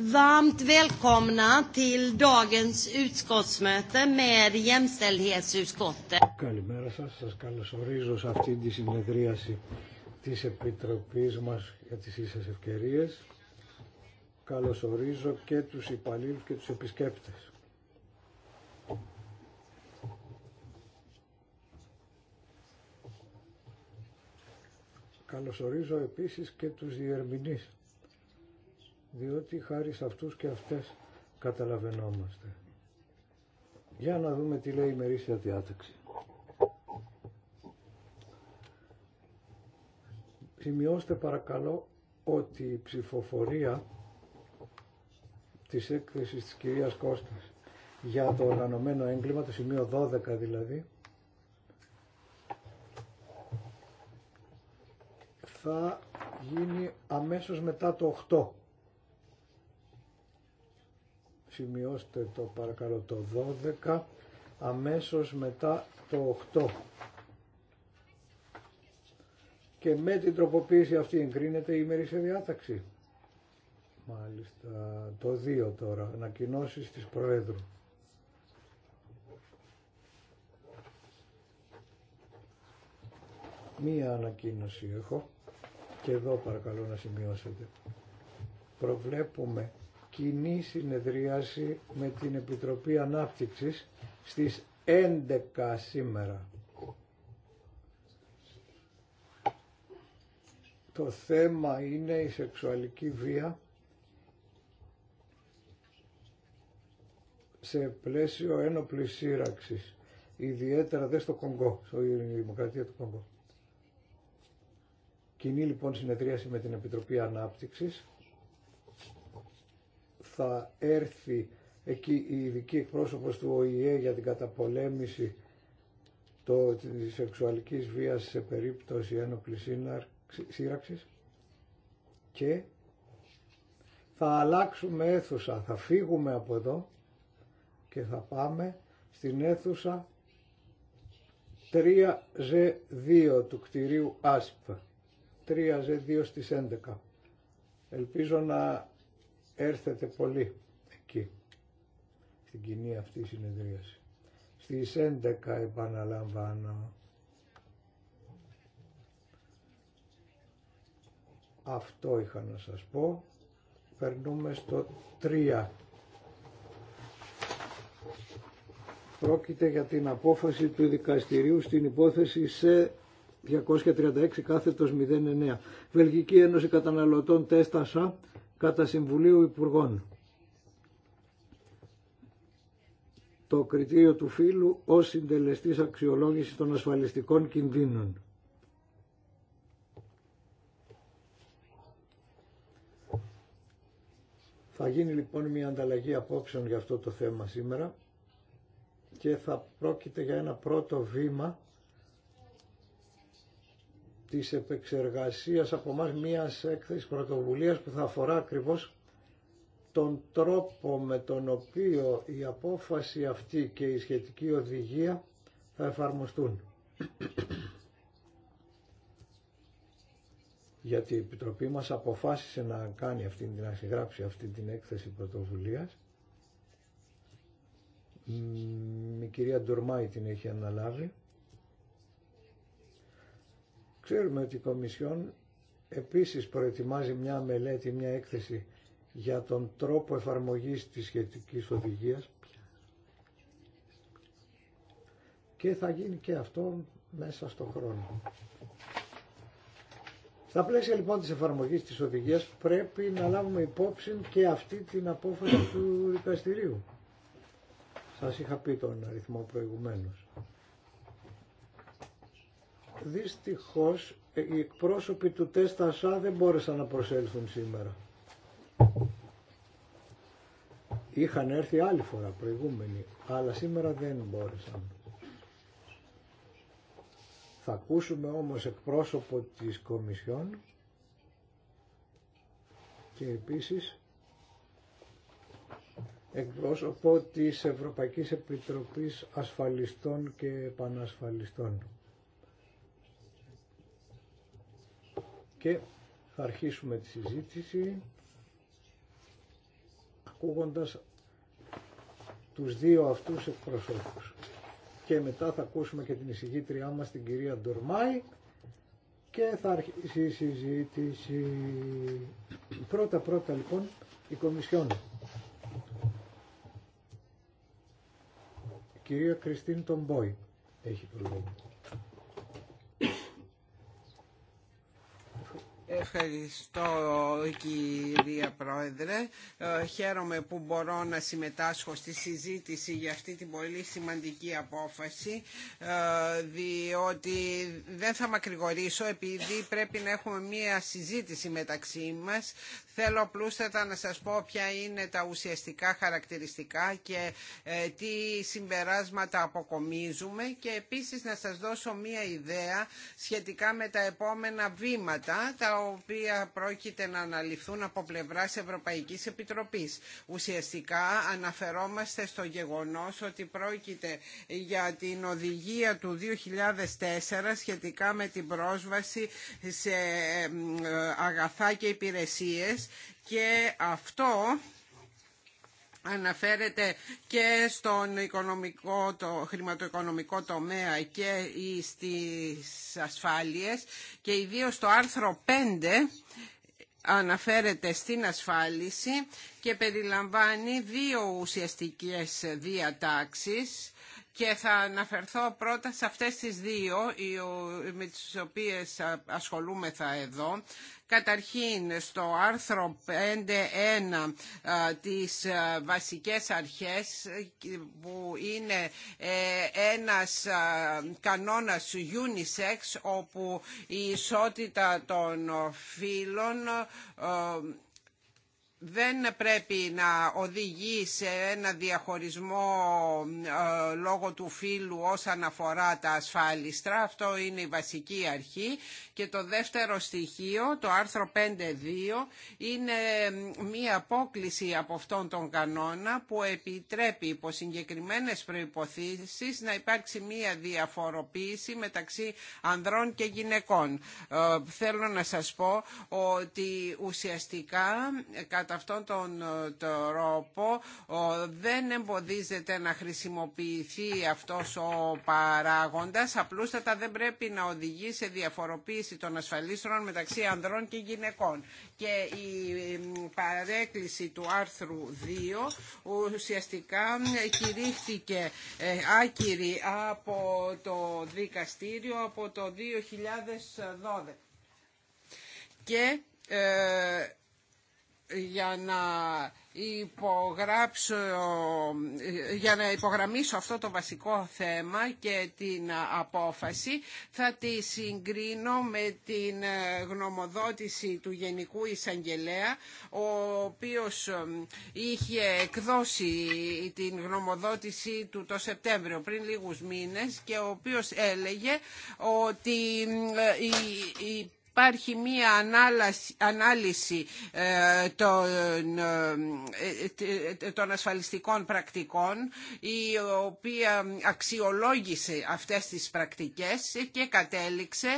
Varmt välkomna till dagens utskottsmöte med jämställdhetsutskottet. Καλημέρα σας, σας καλωσορίζω σε αυτή τη συνεδρίαση της Επιτροπής μας για τις ίσες ευκαιρίες. Καλωσορίζω και τους υπαλλήλους και τους επισκέπτες. Καλωσορίζω επίσης και τους διερμηνείς διότι χάρη σε αυτούς και αυτές καταλαβαίνόμαστε. Για να δούμε τι λέει η μερίσια διάταξη. Σημειώστε παρακαλώ ότι η ψηφοφορία της έκθεσης της κυρίας Κώστας για το οργανωμένο έγκλημα, το σημείο 12 δηλαδή, θα γίνει αμέσως μετά το 8 σημειώστε το παρακαλώ το 12 αμέσως μετά το 8 και με την τροποποίηση αυτή εγκρίνεται η ημερήσια διάταξη. Μάλιστα, το 2 τώρα, ανακοινώσει της Προέδρου. Μία ανακοίνωση έχω και εδώ παρακαλώ να σημειώσετε. Προβλέπουμε κοινή συνεδρίαση με την Επιτροπή Ανάπτυξης στις 11 σήμερα. Το θέμα είναι η σεξουαλική βία σε πλαίσιο ένοπλης σύραξη. ιδιαίτερα δεν στο Κονγκό, στο Δημοκρατία του Κονγκό. Κοινή λοιπόν συνεδρίαση με την Επιτροπή Ανάπτυξης θα έρθει εκεί η ειδική εκπρόσωπος του ΟΗΕ για την καταπολέμηση το, της σεξουαλικής βίας σε περίπτωση ένοπλης σύραξης και θα αλλάξουμε αίθουσα, θα φύγουμε από εδώ και θα πάμε στην αίθουσα 3Z2 του κτηρίου ΑΣΠ. 3Z2 στις 11. Ελπίζω να έρθετε πολύ εκεί, στην κοινή αυτή συνεδρίαση. Στις 11 επαναλαμβάνω. Αυτό είχα να σας πω. Περνούμε στο 3. Πρόκειται για την απόφαση του δικαστηρίου στην υπόθεση σε 236 κάθετος 09. Βελγική Ένωση Καταναλωτών Τέστασα κατά Συμβουλίου Υπουργών. Το κριτήριο του φύλου ως συντελεστής αξιολόγησης των ασφαλιστικών κινδύνων. Θα γίνει λοιπόν μια ανταλλαγή απόψεων για αυτό το θέμα σήμερα και θα πρόκειται για ένα πρώτο βήμα της επεξεργασίας από μας μιας έκθεσης πρωτοβουλίας που θα αφορά ακριβώς τον τρόπο με τον οποίο η απόφαση αυτή και η σχετική οδηγία θα εφαρμοστούν. Γιατί η Επιτροπή μας αποφάσισε να κάνει αυτή, την ασυγράψη, αυτή την έκθεση πρωτοβουλίας. Η κυρία Ντουρμάη την έχει αναλάβει. Ξέρουμε ότι η Κομισιόν επίσης προετοιμάζει μια μελέτη, μια έκθεση για τον τρόπο εφαρμογής της σχετικής οδηγίας και θα γίνει και αυτό μέσα στο χρόνο. Στα πλαίσια λοιπόν της εφαρμογής της οδηγίας πρέπει να λάβουμε υπόψη και αυτή την απόφαση του δικαστηρίου. Σας είχα πει τον αριθμό προηγουμένως. Δυστυχώς ε, οι εκπρόσωποι του τεστ δεν μπόρεσαν να προσέλθουν σήμερα. Είχαν έρθει άλλη φορά προηγούμενη, αλλά σήμερα δεν μπόρεσαν. Θα ακούσουμε όμως εκπρόσωπο της Κομισιόν και επίσης εκπρόσωπο της Ευρωπαϊκής Επιτροπής Ασφαλιστών και Επανασφαλιστών. και θα αρχίσουμε τη συζήτηση ακούγοντας τους δύο αυτούς εκπροσώπους. Και μετά θα ακούσουμε και την εισηγήτριά μας την κυρία Ντορμάη και θα αρχίσει η συζήτηση. Πρώτα πρώτα λοιπόν η Κομισιόν. κυρία Κριστίν Τομπόη έχει το λόγο. Ευχαριστώ κυρία Πρόεδρε. Ε, χαίρομαι που μπορώ να συμμετάσχω στη συζήτηση για αυτή την πολύ σημαντική απόφαση ε, διότι δεν θα μακρηγορήσω επειδή πρέπει να έχουμε μία συζήτηση μεταξύ μας. Θέλω πλούστατα να σας πω ποια είναι τα ουσιαστικά χαρακτηριστικά και ε, τι συμπεράσματα αποκομίζουμε και επίσης να σας δώσω μία ιδέα σχετικά με τα επόμενα βήματα τα οποία πρόκειται να αναλυθούν από πλευράς Ευρωπαϊκής Επιτροπής. Ουσιαστικά αναφερόμαστε στο γεγονός ότι πρόκειται για την οδηγία του 2004 σχετικά με την πρόσβαση σε ε, ε, αγαθά και υπηρεσίες και αυτό αναφέρεται και στον οικονομικό, το χρηματοοικονομικό τομέα και στις ασφάλειες και ιδίως το άρθρο 5 αναφέρεται στην ασφάλιση και περιλαμβάνει δύο ουσιαστικές διατάξεις και θα αναφερθώ πρώτα σε αυτές τις δύο με τις οποίες ασχολούμεθα εδώ. Καταρχήν στο άρθρο 5.1 της βασικές αρχές ε, που είναι ε, ένας κανόνας unisex όπου η ισότητα των φύλων δεν πρέπει να οδηγεί σε ένα διαχωρισμό ε, λόγω του φύλου όσον αφορά τα ασφάλιστρα. Αυτό είναι η βασική αρχή. Και το δεύτερο στοιχείο, το άρθρο 5.2, είναι ε, μία απόκληση από αυτόν τον κανόνα που επιτρέπει υπό συγκεκριμένε προϋποθέσεις να υπάρξει μία διαφοροποίηση μεταξύ ανδρών και γυναικών. Ε, θέλω να σας πω ότι ουσιαστικά κατά αυτόν τον ε, τρόπο δεν εμποδίζεται να χρησιμοποιηθεί αυτός ο παράγοντας, απλούστατα δεν πρέπει να οδηγεί σε διαφοροποίηση των ασφαλίστρων μεταξύ ανδρών και γυναικών. Και η παρέκκληση του άρθρου 2 ουσιαστικά ε, κηρύχθηκε ε, άκυρη από το δικαστήριο από το 2012. Και για να υπογράψω, για να υπογραμμίσω αυτό το βασικό θέμα και την απόφαση θα τη συγκρίνω με την γνωμοδότηση του Γενικού Εισαγγελέα ο οποίος ε, είχε εκδώσει την γνωμοδότηση του το Σεπτέμβριο πριν λίγους μήνες και ο οποίος έλεγε ότι ε, η υπάρχει μία ανάλυση ε, ε, ε, των ασφαλιστικών πρακτικών η οποία αξιολόγησε αυτές τις πρακτικές και κατέληξε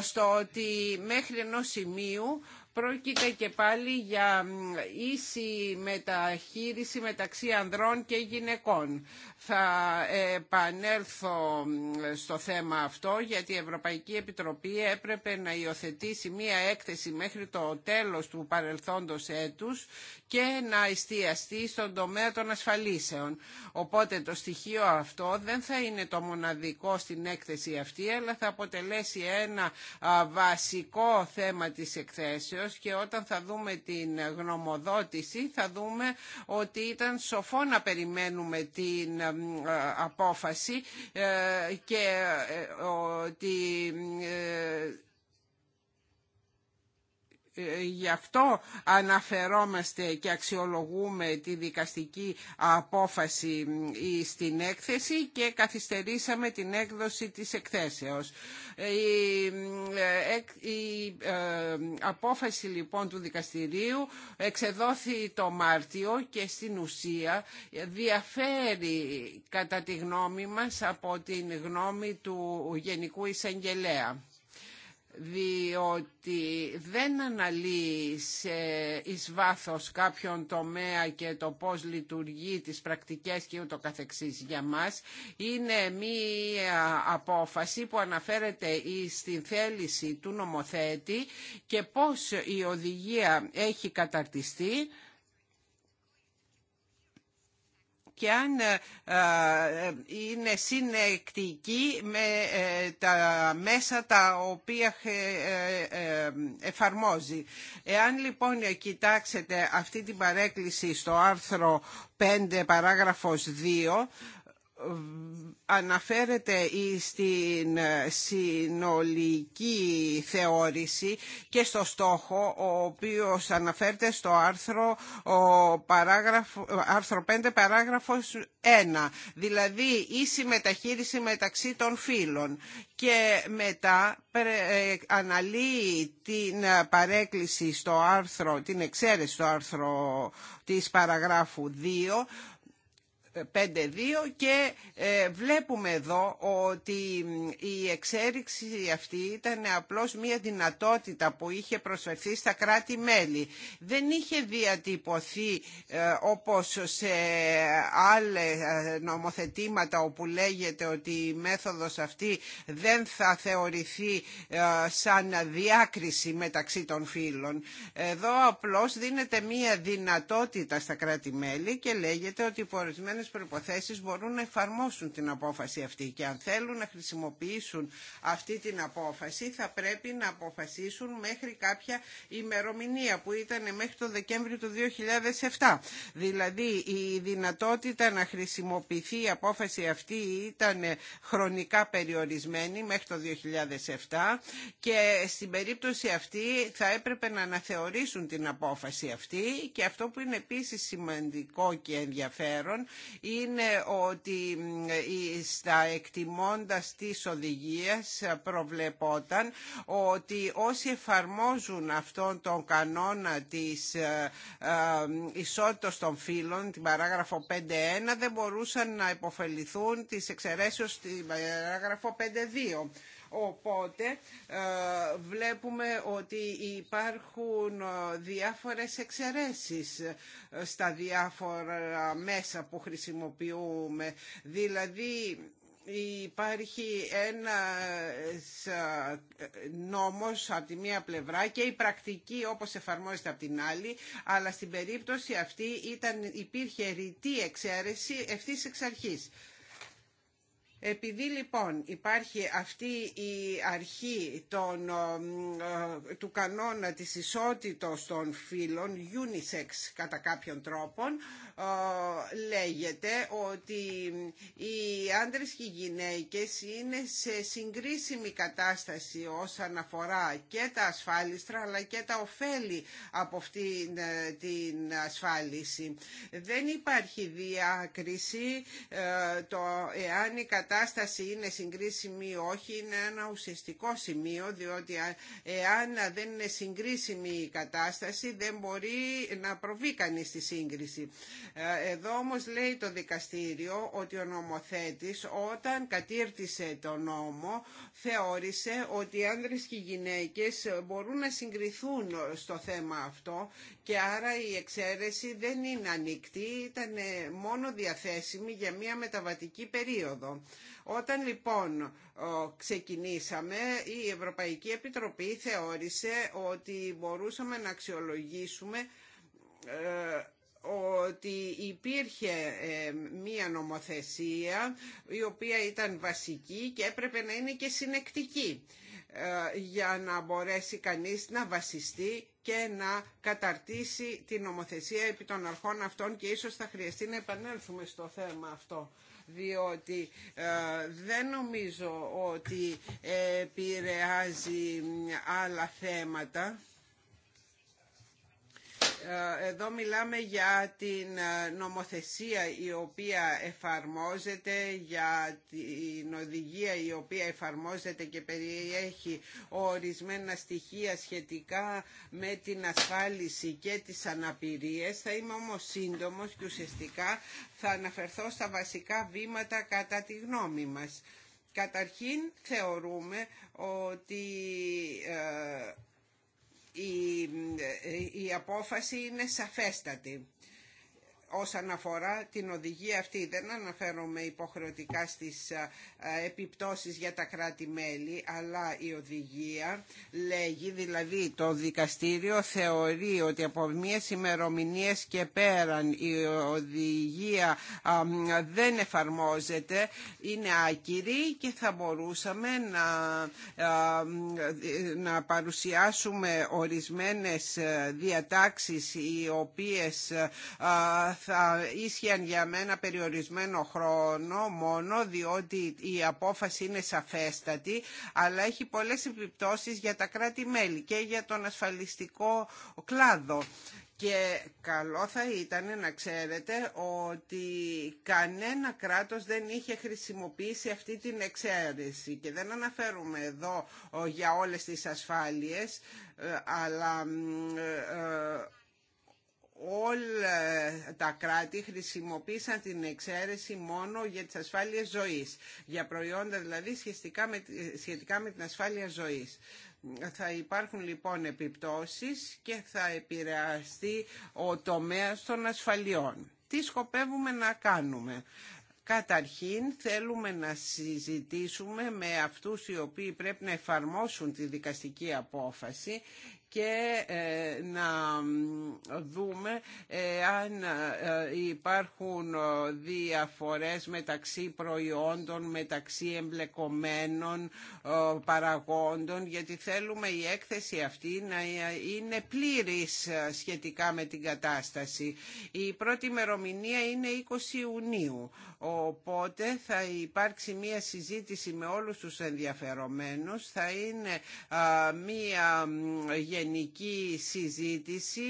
στο ότι μέχρι ενός σημείου Πρόκειται και πάλι για ίση μεταχείριση μεταξύ ανδρών και γυναικών. Θα επανέλθω στο θέμα αυτό γιατί η Ευρωπαϊκή Επιτροπή έπρεπε να υιοθετήσει μία έκθεση μέχρι το τέλος του παρελθόντος έτους και να εστιαστεί στον τομέα των ασφαλίσεων. Οπότε το στοιχείο αυτό δεν θα είναι το μοναδικό στην έκθεση αυτή αλλά θα αποτελέσει ένα βασικό θέμα της εκθέσεως και όταν θα δούμε την γνωμοδότηση θα δούμε ότι ήταν σοφό να περιμένουμε την ε, απόφαση ε, και ε, ότι Γι' αυτό αναφερόμαστε και αξιολογούμε τη δικαστική απόφαση στην έκθεση και καθυστερήσαμε την έκδοση της εκθέσεως. Ε, η ε, ε, απόφαση λοιπόν του δικαστηρίου εξεδόθη το Μάρτιο και στην ουσία διαφέρει κατά τη γνώμη μας από την γνώμη του Γενικού Εισαγγελέα διότι δεν αναλύει σε εις βάθος κάποιον τομέα και το πώς λειτουργεί τις πρακτικές και ούτω καθεξής για μας είναι μία απόφαση που αναφέρεται στην θέληση του νομοθέτη και πώς η οδηγία έχει καταρτιστεί και αν ε, ε, είναι συνεκτική με ε, τα μέσα τα οποία εφαρμόζει. Εάν λοιπόν κοιτάξετε αυτή την παρέκκληση στο άρθρο 5 παράγραφος 2 αναφέρεται στην ε, συνολική θεώρηση και στο στόχο ο οποίος αναφέρεται στο άρθρο, ο παράγραφο, άρθρο 5 παράγραφος 1 δηλαδή ίση μεταχείριση μεταξύ των φύλων και μετά ε, αναλύει την παρέκκληση στο άρθρο, την εξαίρεση στο άρθρο της παραγράφου 2 5-2 και ε, βλέπουμε εδώ ότι η εξέριξη αυτή ήταν απλώς μια δυνατότητα που είχε προσφερθεί στα κράτη-μέλη. Δεν είχε διατυπωθεί ε, όπως σε άλλα ε, νομοθετήματα όπου λέγεται ότι η μέθοδος αυτή δεν θα θεωρηθεί σαν διάκριση μεταξύ των φύλων. Εδώ απλώς δίνεται μια δυνατότητα στα κράτη-μέλη και λέγεται ότι ορισμένε Προποθέσει προϋποθέσεις μπορούν να εφαρμόσουν την απόφαση αυτή και αν θέλουν να χρησιμοποιήσουν αυτή την απόφαση θα πρέπει να αποφασίσουν μέχρι κάποια ημερομηνία που ήταν μέχρι το Δεκέμβριο του 2007. Δηλαδή η δυνατότητα να χρησιμοποιηθεί η απόφαση αυτή ήταν χρονικά περιορισμένη μέχρι το 2007 και στην περίπτωση αυτή θα έπρεπε να αναθεωρήσουν την απόφαση αυτή και αυτό που είναι επίσης σημαντικό και ενδιαφέρον είναι ότι στα εκτιμώντας της οδηγίες ε, προβλεπόταν ότι όσοι εφαρμόζουν αυτόν τον κανόνα της ε, ε, ισότητας των φύλων, την παράγραφο 5.1, δεν μπορούσαν να υποφεληθούν της εξαιρέσεως στην παράγραφο 5.2. Οπότε ε, βλέπουμε ότι υπάρχουν ε, διάφορες εξαιρέσεις ε, στα διάφορα μέσα που χρησιμοποιούμε. Δηλαδή υπάρχει ένα νόμος από τη μία πλευρά και η πρακτική όπως εφαρμόζεται από την άλλη, αλλά στην περίπτωση αυτή ήταν, υπήρχε ρητή εξαίρεση ευθύς εξ αρχής. Επειδή λοιπόν υπάρχει αυτή η αρχή των, ε, ε, του κανόνα της ισότητας των φύλων, unisex κατά κάποιον τρόπο ε, λέγεται ότι οι άντρες και οι γυναίκες είναι σε συγκρίσιμη κατάσταση όσον αφορά και τα ασφάλιστρα αλλά και τα ωφέλη από αυτή την ασφάλιση. Δεν υπάρχει διάκριση το εάν η κατάσταση είναι συγκρίσιμη ή όχι είναι ένα ουσιαστικό σημείο διότι εάν δεν είναι συγκρίσιμη η κατάσταση δεν μπορεί να προβεί κανεί στη σύγκριση. Ε, εδώ όμως λέει το δικαστήριο ότι ο νομοθέτης όταν κατήρτισε το νόμο θεώρησε ότι οι άνδρες και οι γυναίκες μπορούν να συγκριθούν στο θέμα αυτό και άρα η εξαίρεση δεν είναι ανοιχτή, ήταν ε, μόνο διαθέσιμη για μια μεταβατική περίοδο. Όταν λοιπόν ξεκινήσαμε η Ευρωπαϊκή Επιτροπή θεώρησε ότι μπορούσαμε να αξιολογήσουμε ε, ότι υπήρχε ε, μία νομοθεσία η οποία ήταν βασική και έπρεπε να είναι και συνεκτική. Ε, για να μπορέσει κανείς να βασιστεί και να καταρτήσει την νομοθεσία επί των αρχών αυτών και ίσως θα χρειαστεί να επανέλθουμε στο θέμα αυτό διότι ε, δεν νομίζω ότι επηρεάζει άλλα θέματα. Ε, εδώ μιλάμε για την ε, νομοθεσία η οποία εφαρμόζεται, για την οδηγία η οποία εφαρμόζεται και περιέχει ορισμένα στοιχεία σχετικά με την ασφάλιση και τις αναπηρίες. Θα είμαι όμως σύντομος και ουσιαστικά θα αναφερθώ στα βασικά βήματα κατά τη γνώμη μας. Καταρχήν θεωρούμε ότι ε, ε, ε, η, απόφαση είναι σαφέστατη όσον αφορά την οδηγία αυτή. Δεν αναφέρομαι υποχρεωτικά στις ε, επιπτώσεις για τα κράτη-μέλη, αλλά η οδηγία λέγει, δηλαδή το δικαστήριο θεωρεί ότι από μία ημερομηνία και πέραν η οδηγία δεν εφαρμόζεται, είναι άκυρη και θα μπορούσαμε να, ε, να παρουσιάσουμε ορισμένες ε, διατάξεις οι οποίες θα ίσχυαν για μένα περιορισμένο χρόνο μόνο διότι η απόφαση είναι σαφέστατη αλλά έχει πολλές επιπτώσεις για τα κράτη-μέλη και για τον ασφαλιστικό κλάδο. Και καλό θα ήταν να ξέρετε ότι κανένα κράτος δεν είχε χρησιμοποιήσει αυτή την εξαίρεση και δεν αναφέρουμε εδώ ε, για όλες τις ασφάλειες ε, αλλά ε, όλα τα κράτη χρησιμοποίησαν την εξαίρεση μόνο για τις ασφάλειες ζωής, για προϊόντα δηλαδή σχετικά με, σχετικά με την ασφάλεια ζωής. Θα υπάρχουν λοιπόν επιπτώσεις και θα επηρεαστεί ο τομέας των ασφαλιών. Τι σκοπεύουμε να κάνουμε. Καταρχήν θέλουμε να συζητήσουμε με αυτούς οι οποίοι πρέπει να εφαρμόσουν τη δικαστική απόφαση και ε, να δούμε ε, αν ε, υπάρχουν διαφορές μεταξύ προϊόντων, μεταξύ εμπλεκομένων παραγόντων γιατί θέλουμε η έκθεση αυτή να είναι πλήρης σχετικά με την κατάσταση. Η πρώτη ημερομηνία είναι 20 Ιουνίου. Οπότε θα υπάρξει μία συζήτηση με όλους τους ενδιαφερομένους. Θα είναι μία γενική συζήτηση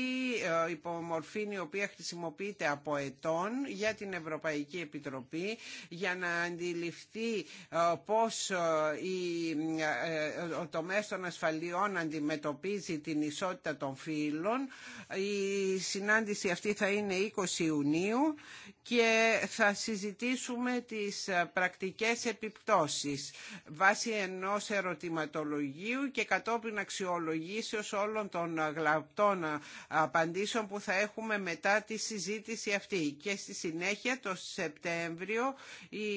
ε, υπομορφήν η οποία χρησιμοποιείται από ετών για την Ευρωπαϊκή Επιτροπή για να αντιληφθεί ε, πώς ε, η, ο τομέας των ασφαλιών αντιμετωπίζει την ισότητα των φύλων. Η συνάντηση αυτή θα είναι 20 Ιουνίου και θα συζητήσουμε συζητήσουμε τις ε, πρακτικές επιπτώσεις βάσει ενός ερωτηματολογίου και κατόπιν αξιολογήσεως όλων των ε, γλαπτών ε, απαντήσεων που θα έχουμε μετά τη συζήτηση αυτή. Και στη συνέχεια το Σεπτέμβριο η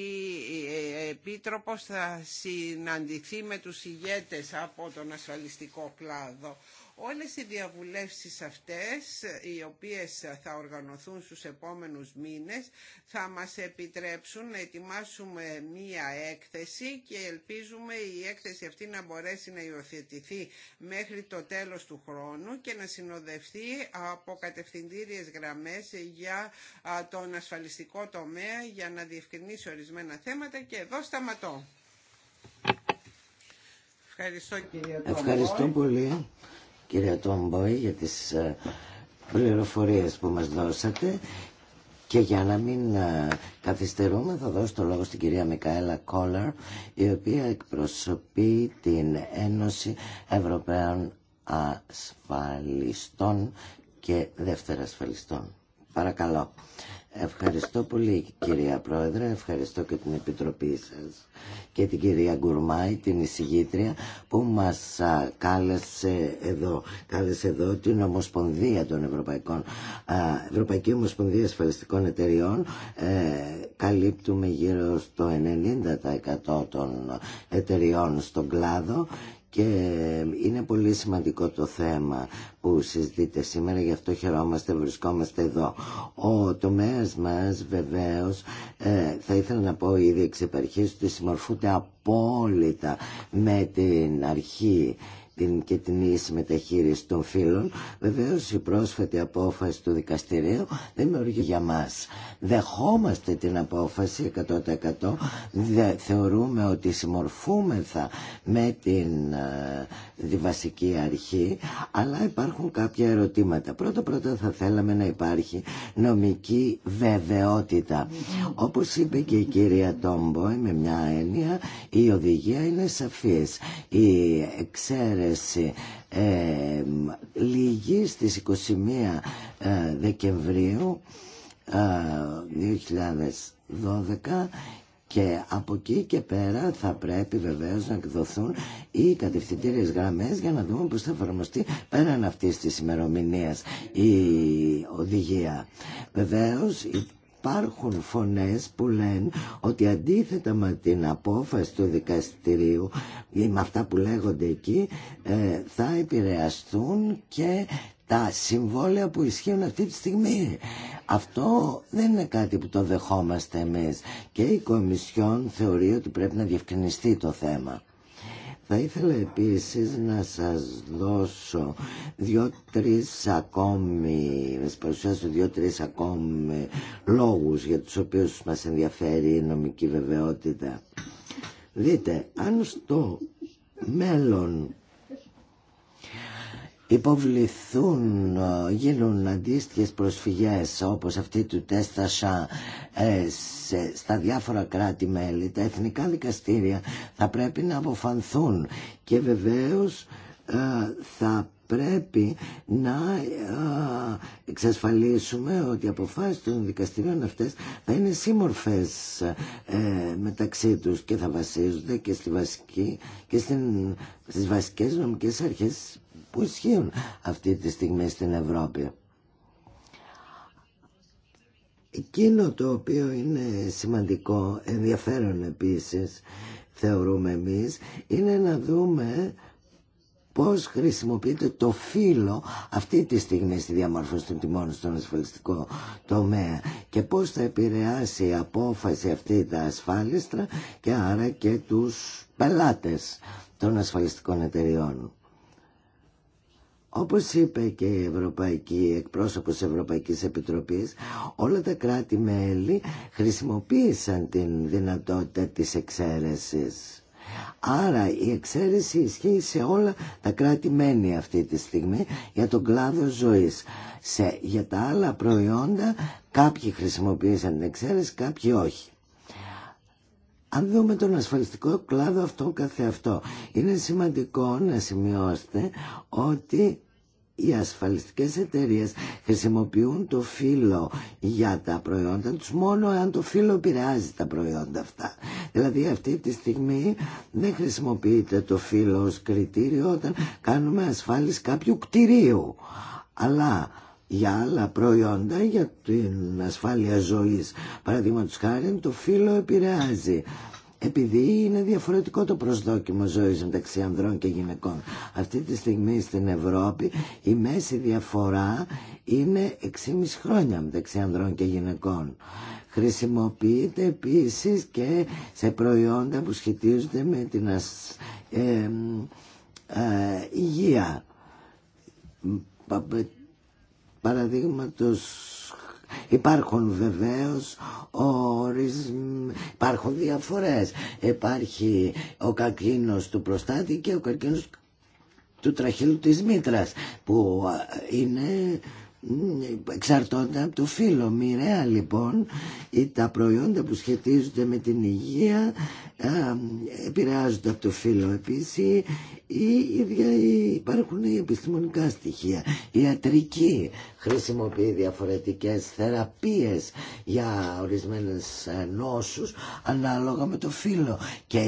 Επίτροπος θα συναντηθεί με τους ηγέτες από τον ασφαλιστικό κλάδο. Όλες οι διαβουλεύσεις αυτές, οι οποίες θα οργανωθούν στους επόμενους μήνες, θα μας επιτρέψουν να ετοιμάσουμε μία έκθεση και ελπίζουμε η έκθεση αυτή να μπορέσει να υιοθετηθεί μέχρι το τέλος του χρόνου και να συνοδευτεί από κατευθυντήριες γραμμές για τον ασφαλιστικό τομέα για να διευκρινίσει ορισμένα θέματα και εδώ σταματώ. Ευχαριστώ, κύριε. Ευχαριστώ πολύ κυρία Τόμποη για τις ε, πληροφορίες που μας δώσατε και για να μην ε, καθυστερούμε θα δώσω το λόγο στην κυρία Μικαέλα Κόλλαρ η οποία εκπροσωπεί την Ένωση Ευρωπαίων Ασφαλιστών και Δεύτερα Ασφαλιστών. Παρακαλώ. Ευχαριστώ πολύ κυρία Πρόεδρε, ευχαριστώ και την Επιτροπή σας και την κυρία Γκουρμάη, την εισηγήτρια που μας κάλεσε εδώ, κάλεσε εδώ την Ομοσπονδία των Ευρωπαϊκών, Ευρωπαϊκή Ομοσπονδία Ασφαλιστικών Εταιριών. Ε, καλύπτουμε γύρω στο 90% των εταιριών στον κλάδο και είναι πολύ σημαντικό το θέμα που συζητείτε σήμερα, γι' αυτό χαιρόμαστε, βρισκόμαστε εδώ. Ο τομέας μας βεβαίως, ε, θα ήθελα να πω ήδη εξ επαρχής, ότι συμμορφούνται απόλυτα με την αρχή και την ίση μεταχείριση των φύλων. βεβαίω, η πρόσφατη απόφαση του δικαστηρίου δεν δημιουργεί για μα. Δεχόμαστε την απόφαση 100% θεωρούμε ότι συμμορφούμεθα με την ε, βασική αρχή αλλά υπάρχουν κάποια ερωτήματα. Πρώτα πρώτα θα θέλαμε να υπάρχει νομική βεβαιότητα. Όπως είπε και η κυρία Τόμπο με μια έννοια η οδηγία είναι σαφή. Η εξαίρεση συνεδρίαση ε, λίγη στις 21 ε, Δεκεμβρίου ε, 2012 και από εκεί και πέρα θα πρέπει βεβαίως να εκδοθούν οι κατευθυντήριες γραμμές για να δούμε πώς θα εφαρμοστεί πέραν αυτής της ημερομηνία η οδηγία. Βεβαίως υπάρχουν φωνές που λένε ότι αντίθετα με την απόφαση του δικαστηρίου ή με αυτά που λέγονται εκεί ε, θα επηρεαστούν και τα συμβόλαια που ισχύουν αυτή τη στιγμή. Αυτό δεν είναι κάτι που το δεχόμαστε εμείς και η Κομισιόν θεωρεί ότι πρέπει να διευκρινιστεί το θέμα. Θα ήθελα επίσης να σας δώσω δύο-τρεις ακόμη, να παρουσιάσω λόγους για τους οποίους μας ενδιαφέρει η νομική βεβαιότητα. Δείτε, αν στο μέλλον υποβληθούν, ε, γίνουν αντίστοιχε προσφυγές όπως αυτή του Τέστασα ε, στα διάφορα κράτη-μέλη, τα εθνικά δικαστήρια θα πρέπει να αποφανθούν και βεβαίως ε, θα πρέπει να ε, εξασφαλίσουμε ότι οι αποφάσεις των δικαστηρίων αυτές θα είναι σύμμορφες μεταξύ τους και θα βασίζονται και, στη βασική, και στην, στις βασικές νομικές αρχές που ισχύουν αυτή τη στιγμή στην Ευρώπη. Εκείνο το οποίο είναι σημαντικό, ενδιαφέρον επίσης, θεωρούμε εμείς, είναι να δούμε πώς χρησιμοποιείται το φύλλο αυτή τη στιγμή στη διαμόρφωση των τιμών στον ασφαλιστικό τομέα και πώς θα επηρεάσει η απόφαση αυτή τα ασφάλιστρα και άρα και τους πελάτες των ασφαλιστικών εταιριών. Όπως είπε και η Ευρωπαϊκή εκπρόσωπος Ευρωπαϊκής Επιτροπής, όλα τα κράτη-μέλη χρησιμοποίησαν την δυνατότητα της εξαίρεσης. Άρα η εξαίρεση ισχύει σε όλα τα κράτη-μέλη αυτή τη στιγμή για τον κλάδο ζωής. Σε, για τα άλλα προϊόντα κάποιοι χρησιμοποίησαν την εξαίρεση, κάποιοι όχι. Αν δούμε τον ασφαλιστικό κλάδο αυτό καθεαυτό, είναι σημαντικό να σημειώσετε ότι οι ασφαλιστικές εταιρείες χρησιμοποιούν το φύλλο για τα προϊόντα τους μόνο αν το φύλλο επηρεάζει τα προϊόντα αυτά. Δηλαδή αυτή τη στιγμή δεν χρησιμοποιείται το φύλλο ως κριτήριο όταν κάνουμε ασφάλιση κάποιου κτηρίου. Αλλά για άλλα προϊόντα για την ασφάλεια ζωής. Παραδείγματος χάρη το φύλλο επηρεάζει επειδή είναι διαφορετικό το προσδόκιμο ζωής μεταξύ ανδρών και γυναικών. Αυτή τη στιγμή στην Ευρώπη η μέση διαφορά είναι 6,5 χρόνια μεταξύ ανδρών και γυναικών. Χρησιμοποιείται επίσης και σε προϊόντα που σχετίζονται με την ε, υγεία Παραδείγματος Υπάρχουν βεβαίως ορισμ... υπάρχουν διαφορές. Υπάρχει ο καρκίνος του προστάτη και ο καρκίνος του τραχύλου της μήτρας που είναι εξαρτώνται από το φύλλο. Μοιραία λοιπόν τα προϊόντα που σχετίζονται με την υγεία επηρεάζονται από το φύλλο επίση υπάρχουν επιστημονικά στοιχεία η ιατρική χρησιμοποιεί διαφορετικές θεραπείες για ορισμένες νόσους ανάλογα με το φύλλο και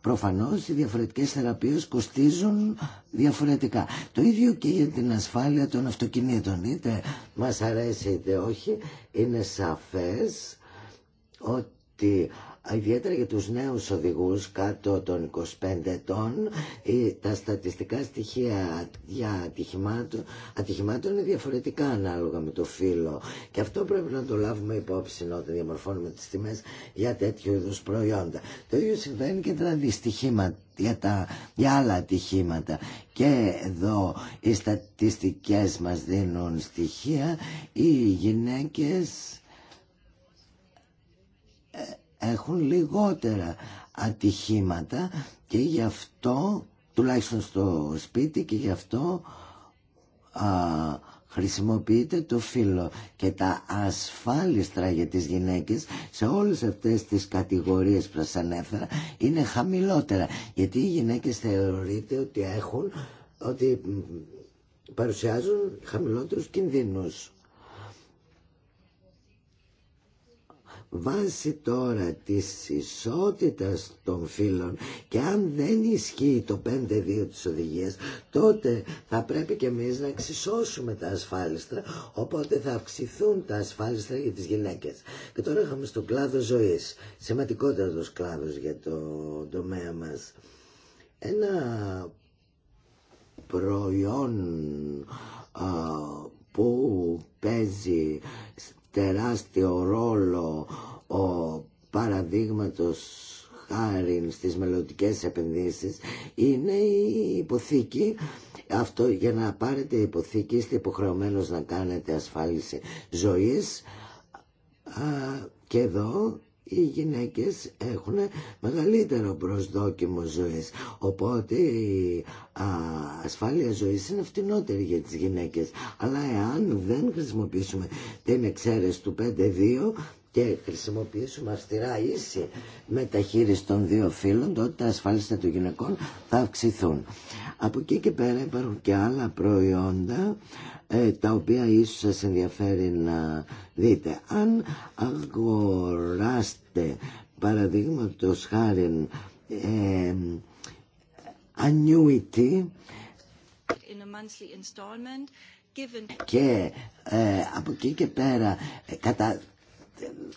προφανώς οι διαφορετικές θεραπείες κοστίζουν διαφορετικά το ίδιο και για την ασφάλεια των αυτοκινήτων είτε μας αρέσει είτε όχι είναι σαφές ότι ιδιαίτερα για τους νέους οδηγούς κάτω των 25 ετών τα στατιστικά στοιχεία για ατυχημάτων, ατυχημάτων είναι διαφορετικά ανάλογα με το φύλλο και αυτό πρέπει να το λάβουμε υπόψη όταν διαμορφώνουμε τις τιμές για τέτοιου είδους προϊόντα. Το ίδιο συμβαίνει και τα δυστυχήματα για, τα, για άλλα ατυχήματα και εδώ οι στατιστικές μας δίνουν στοιχεία οι γυναίκες έχουν λιγότερα ατυχήματα και γι' αυτό, τουλάχιστον στο σπίτι και γι' αυτό α, χρησιμοποιείται το φύλλο και τα ασφάλιστρα για τις γυναίκες σε όλες αυτές τις κατηγορίες που σας ανέφερα είναι χαμηλότερα γιατί οι γυναίκες θεωρείται ότι έχουν ότι παρουσιάζουν χαμηλότερους κινδύνους Βάσει τώρα της ισότητας των φύλων και αν δεν ισχύει το 5-2 της οδηγίας, τότε θα πρέπει και εμείς να εξισώσουμε τα ασφάλιστρα, οπότε θα αυξηθούν τα ασφάλιστρα για τις γυναίκες. Και τώρα είχαμε στο κλάδο ζωής, σημαντικότερος κλάδος για το τομέα μας. Ένα προϊόν που παίζει τεράστιο ρόλο ο παραδείγματος χάρη στις μελλοντικέ επενδύσεις είναι η υποθήκη αυτό για να πάρετε υποθήκη είστε υποχρεωμένος να κάνετε ασφάλιση ζωής και εδώ οι γυναίκες έχουν μεγαλύτερο προσδόκιμο ζωής. Οπότε η ασφάλεια ζωής είναι φτηνότερη για τις γυναίκες. Αλλά εάν δεν χρησιμοποιήσουμε την εξαίρεση του 5-2 και χρησιμοποιήσουμε αυστηρά ίση μεταχείριση των δύο φύλων, τότε τα ασφάλιστα των γυναικών θα αυξηθούν. Από εκεί και πέρα υπάρχουν και άλλα προϊόντα ε, τα οποία ίσως σας ενδιαφέρει να δείτε. Αν αγοράστε, παραδείγματος χάρη ε, annuity και ε, από εκεί και πέρα ε, κατά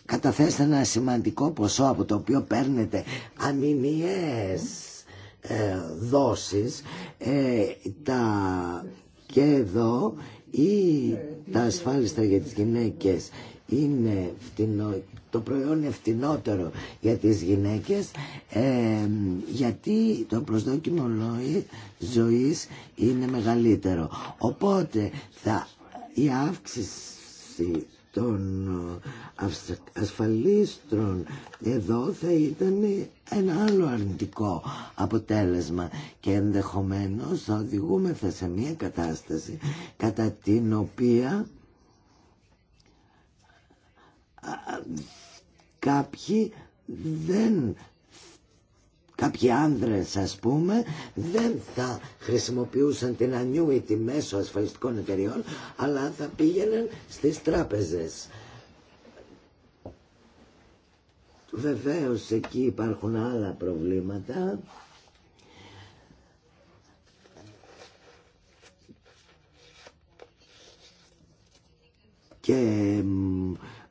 καταθέσετε ένα σημαντικό ποσό από το οποίο παίρνετε αμηνιές ε, δόσεις ε, τα, και εδώ ή τα ασφάλιστα για τις γυναίκες είναι φτηνό, το προϊόν είναι φτηνότερο για τις γυναίκες ε, γιατί το προσδόκιμο λόγι ζωής είναι μεγαλύτερο. Οπότε θα, η αύξηση των ασφαλίστρων εδώ θα ήταν ένα άλλο αρνητικό αποτέλεσμα και ενδεχομένως θα οδηγούμεθα σε μια κατάσταση κατά την οποία κάποιοι δεν Κάποιοι άνδρες ας πούμε δεν θα χρησιμοποιούσαν την ανιούητη μέσω ασφαλιστικών εταιριών αλλά θα πήγαιναν στις τράπεζες. Βεβαίως εκεί υπάρχουν άλλα προβλήματα. Και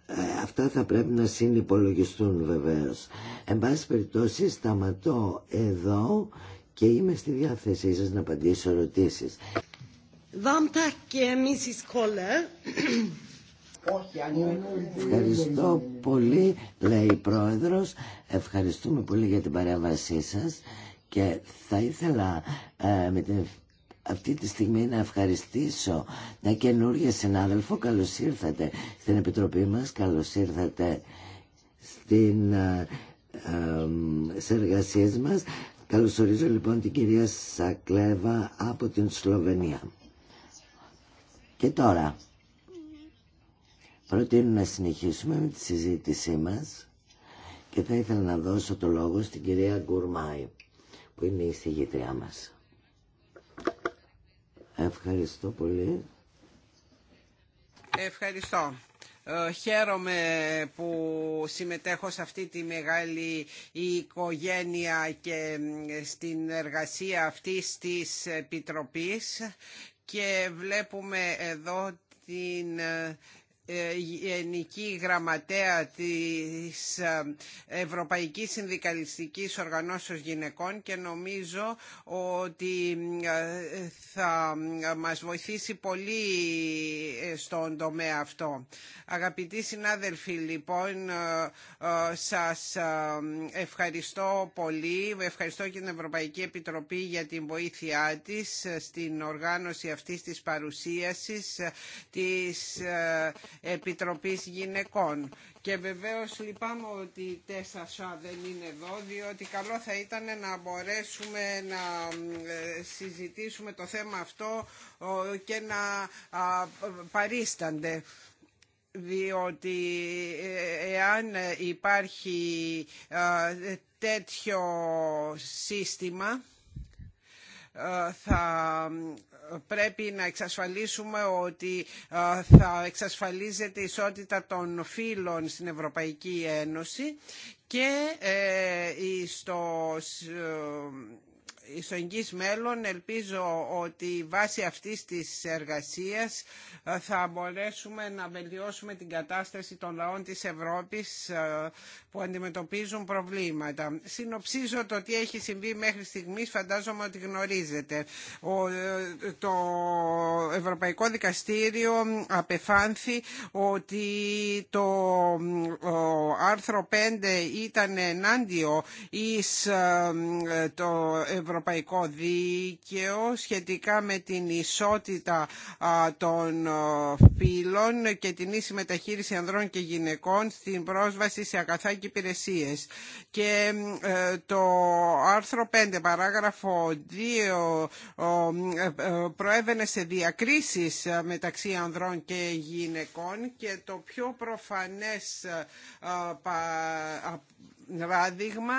ε, αυτά θα πρέπει να συνυπολογιστούν βεβαίως. Εν πάση περιπτώσει σταματώ εδώ και είμαι στη διάθεσή σας να απαντήσω ερωτήσεις. Ευχαριστώ πολύ, λέει η Πρόεδρος. Ευχαριστούμε πολύ για την παρέμβασή σας και θα ήθελα ε, με την αυτή τη στιγμή να ευχαριστήσω ένα καινούργια συνάδελφο. Καλώς ήρθατε στην Επιτροπή μας, καλώς ήρθατε στην, ε, ε, μας. Καλωσορίζω λοιπόν την κυρία Σακλέβα από την Σλοβενία. Και τώρα Προτείνω να συνεχίσουμε με τη συζήτησή μας και θα ήθελα να δώσω το λόγο στην κυρία Γκουρμάη που είναι η συγγήτριά μας. Ευχαριστώ πολύ. Ευχαριστώ. Ε, χαίρομαι που συμμετέχω σε αυτή τη μεγάλη οικογένεια και στην εργασία αυτή της Επιτροπής και βλέπουμε εδώ την ε, Γενική Γραμματέα της ε, Ευρωπαϊκής Συνδικαλιστικής Οργανώσεως Γυναικών και νομίζω ότι ε, θα μας βοηθήσει πολύ στον τομέα αυτό. Αγαπητοί συνάδελφοι, λοιπόν, σας ευχαριστώ πολύ. Ευχαριστώ και την Ευρωπαϊκή Επιτροπή για την βοήθειά της στην οργάνωση αυτής της παρουσίασης της Επιτροπής Γυναικών. Και βεβαίως λυπάμαι ότι η Σα δεν είναι εδώ, διότι καλό θα ήταν να μπορέσουμε να ε, συζητήσουμε το θέμα αυτό και να παρίστανται διότι ε, εάν υπάρχει τέτοιο σύστημα θα πρέπει να εξασφαλίσουμε ότι ε, θα εξασφαλίζεται η ισότητα των φύλων στην Ευρωπαϊκή Ένωση και ε, στο ε, ισογγής μέλλον ελπίζω ότι βάσει αυτής της εργασίας ε, θα μπορέσουμε να βελτιώσουμε την κατάσταση των λαών της Ευρώπης ε, που αντιμετωπίζουν προβλήματα. Συνοψίζω το τι έχει συμβεί μέχρι στιγμής, φαντάζομαι ότι γνωρίζετε. Ε, το Ευρωπαϊκό Δικαστήριο απεφάνθη ότι το άρθρο 5 ήταν ενάντιο εις το Ευρωπαϊκό ευρωπαϊκό δίκαιο σχετικά με την ισότητα των φύλων και την ίση μεταχείριση ανδρών και γυναικών στην πρόσβαση σε αγαθά και Και ε, το άρθρο 5 παράγραφο 2 ε, ε, προέβαινε σε διακρίσεις μεταξύ ανδρών και γυναικών και το πιο προφανές παράδειγμα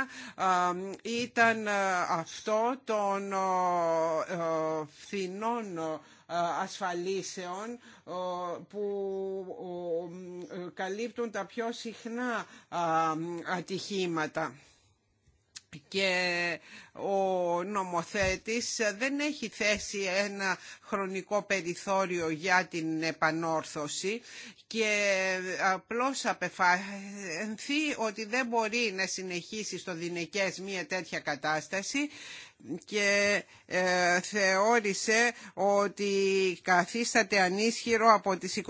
ήταν ε, αυτό των ε, φθηνών ε, ασφαλίσεων που καλύπτουν τα πιο συχνά ατυχήματα και ο νομοθέτης δεν έχει θέσει ένα χρονικό περιθώριο για την επανόρθωση και απλώς απεφανθεί ότι δεν μπορεί να συνεχίσει στο δυναικές μια τέτοια κατάσταση και ε, θεώρησε ότι καθίσταται ανίσχυρο από τις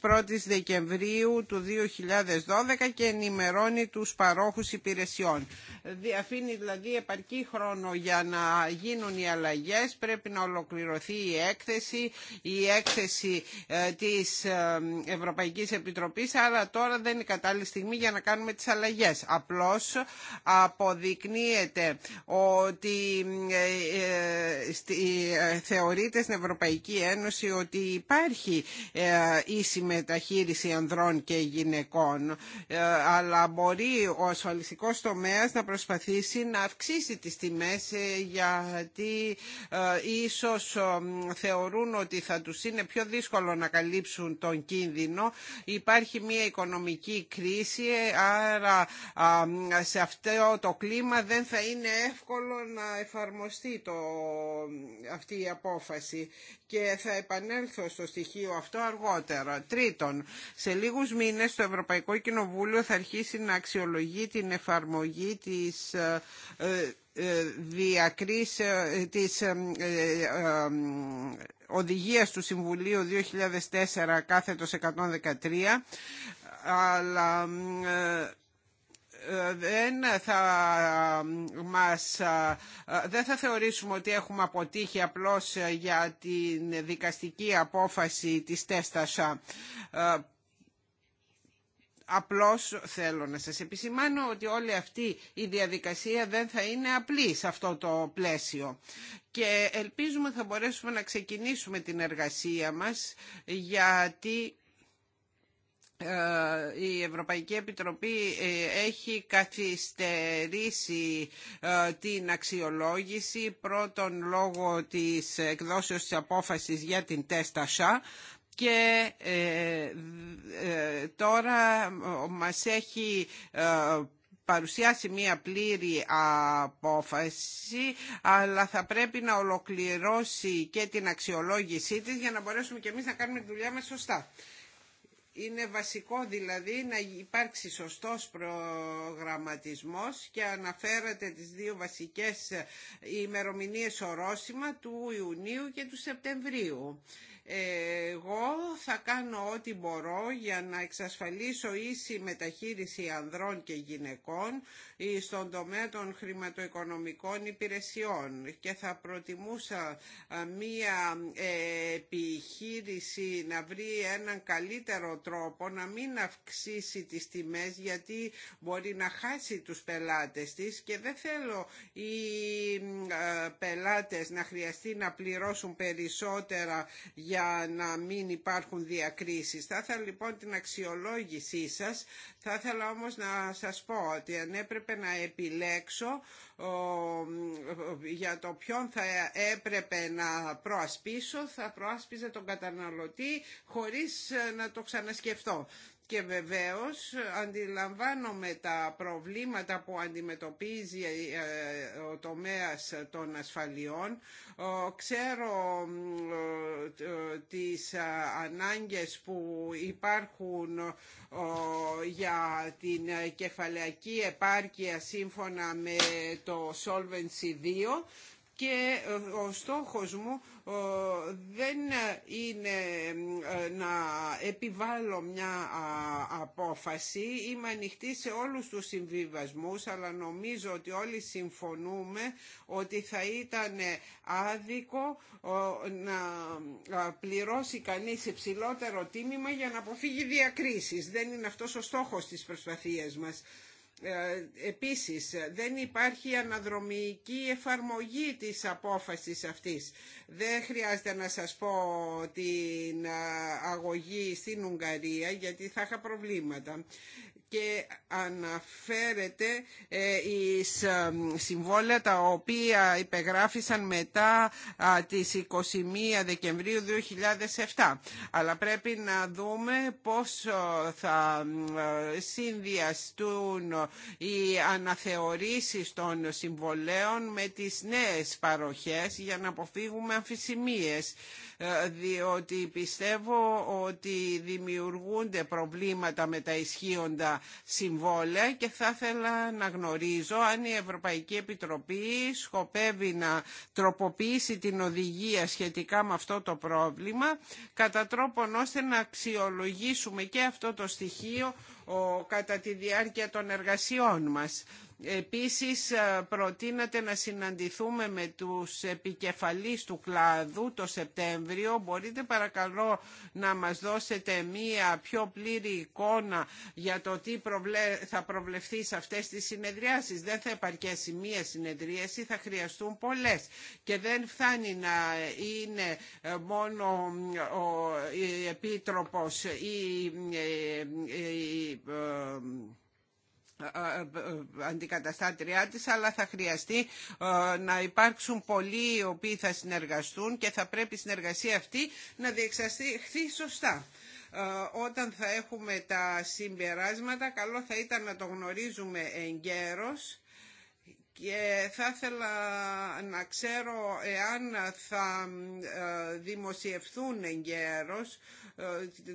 21 Δεκεμβρίου του 2012 και ενημερώνει τους παρόχους υπηρεσιών. Διαφή είναι δηλαδή επαρκή χρόνο για να γίνουν οι αλλαγές. Πρέπει να ολοκληρωθεί η έκθεση, η έκθεση ε, της ε, Ευρωπαϊκής Επιτροπής, αλλά τώρα δεν είναι κατάλληλη στιγμή για να κάνουμε τις αλλαγές. Απλώς αποδεικνύεται ότι ε, θεωρείται στην Ευρωπαϊκή Ένωση ότι υπάρχει ίση μεταχείριση ανδρών και γυναικών, αλλά μπορεί ο ασφαλιστικός τομέας να προσπαθήσει να αυξήσει τις τιμές ε, γιατί ε, ίσως ε, θεωρούν ότι θα τους είναι πιο δύσκολο να καλύψουν τον κίνδυνο. Υπάρχει μια οικονομική κρίση άρα σε αυτό το κλίμα δεν θα είναι εύκολο να εφαρμοστεί το, αυτή η απόφαση και θα επανέλθω στο στοιχείο αυτό αργότερα. Τρίτον, σε λίγους μήνες το Ευρωπαϊκό Κοινοβούλιο θα αρχίσει να αξιολογεί την εφαρμογή της ε, ε, διακρίσει ε, της οδηγίας του Συμβουλίου 2004 κάθετος 113 αλλά δεν θα, μας, δεν θα θεωρήσουμε ότι έχουμε αποτύχει απλώς για την δικαστική απόφαση της Τέστασα Απλώς θέλω να σας επισημάνω ότι όλη αυτή η διαδικασία δεν θα είναι απλή σε αυτό το πλαίσιο και ελπίζουμε θα μπορέσουμε να ξεκινήσουμε την εργασία μας γιατί ε, η Ευρωπαϊκή Επιτροπή ε, έχει καθυστερήσει ε, την αξιολόγηση πρώτον λόγω της εκδόσεως της απόφασης για την τέστασα και ε, ε, τώρα μας έχει ε, παρουσιάσει μία πλήρη απόφαση, αλλά θα πρέπει να ολοκληρώσει και την αξιολόγησή της για να μπορέσουμε και εμείς να κάνουμε τη δουλειά μας σωστά. Είναι βασικό δηλαδή να υπάρξει σωστός προγραμματισμός και αναφέρατε τις δύο βασικές ημερομηνίες ορόσημα του Ιουνίου και του Σεπτεμβρίου. Εγώ θα κάνω ό,τι μπορώ για να εξασφαλίσω ίση μεταχείριση ανδρών και γυναικών ε, στον τομέα των χρηματοοικονομικών υπηρεσιών και θα προτιμούσα μία ε, επιχείρηση να βρει έναν καλύτερο τρόπο να μην αυξήσει τις τιμές γιατί μπορεί να χάσει τους πελάτες της και δεν θέλω οι πελάτες να χρειαστεί να πληρώσουν περισσότερα για για να μην υπάρχουν διακρίσεις. Θα ήθελα λοιπόν την αξιολόγησή σας, θα ήθελα όμως να σας πω ότι αν έπρεπε να επιλέξω για το ποιον θα έπρεπε να προασπίσω, θα προάσπιζα τον καταναλωτή χωρίς να το ξανασκεφτώ και βεβαίως αντιλαμβάνομαι τα προβλήματα που αντιμετωπίζει ε, ο τομέας των ασφαλιών. Ξέρω ε, τις ε, ανάγκες που υπάρχουν για την κεφαλαϊκή επάρκεια σύμφωνα με το Solvency 2 και ε, ο στόχος μου ε, δεν είναι ε, να επιβάλλω μια απόφαση. Είμαι ανοιχτή σε όλους τους συμβιβασμούς, αλλά νομίζω ότι όλοι συμφωνούμε ότι θα ήταν άδικο να πληρώσει κανείς υψηλότερο τίμημα για να αποφύγει διακρίσεις. Δεν είναι αυτός ο στόχος της προσπαθίας μας. Ε, επίσης δεν υπάρχει αναδρομική εφαρμογή της απόφασης αυτής. Δεν χρειάζεται να σας πω την ε, αγωγή στην Ουγγαρία γιατί θα είχα προβλήματα και αναφέρεται οι ε, ε, συμβόλαια τα οποία υπεγράφησαν μετά τις 21 Δεκεμβρίου 2007. Αλλά πρέπει να δούμε πώς ε, θα συνδυαστούν οι αναθεωρήσεις των συμβολέων με τις νέες παροχές για να αποφύγουμε αμφισημίες. Ε, διότι πιστεύω ότι δημιουργούνται προβλήματα με τα ισχύοντα συμβόλαια και θα ήθελα να γνωρίζω αν η Ευρωπαϊκή Επιτροπή σκοπεύει να τροποποιήσει την οδηγία σχετικά με αυτό το πρόβλημα κατά τρόπον ώστε να αξιολογήσουμε και αυτό το στοιχείο ο, κατά τη διάρκεια των εργασιών μας Επίσης ε, προτείνατε να συναντηθούμε με τους επικεφαλείς του κλάδου το Σεπτέμβριο. Μπορείτε παρακαλώ να μας δώσετε μία πιο πλήρη εικόνα για το τι θα προβλεφθεί σε αυτές τις συνεδριάσεις. Δεν θα επαρκέσει μία συνεδρίαση, θα χρειαστούν πολλές. Και δεν φτάνει να είναι ε, μόνο ο Επίτροπος ή ε, ε, ε, ε, αντικαταστάτριά της αλλά θα χρειαστεί να υπάρξουν πολλοί οι οποίοι θα συνεργαστούν και θα πρέπει η συνεργασία αυτή να διεξαστεί σωστά όταν θα έχουμε τα συμπεράσματα καλό θα ήταν να το γνωρίζουμε εγκαίρως και θα ήθελα να ξέρω εάν θα ε, δημοσιευθούν εγκαίρως. Ε,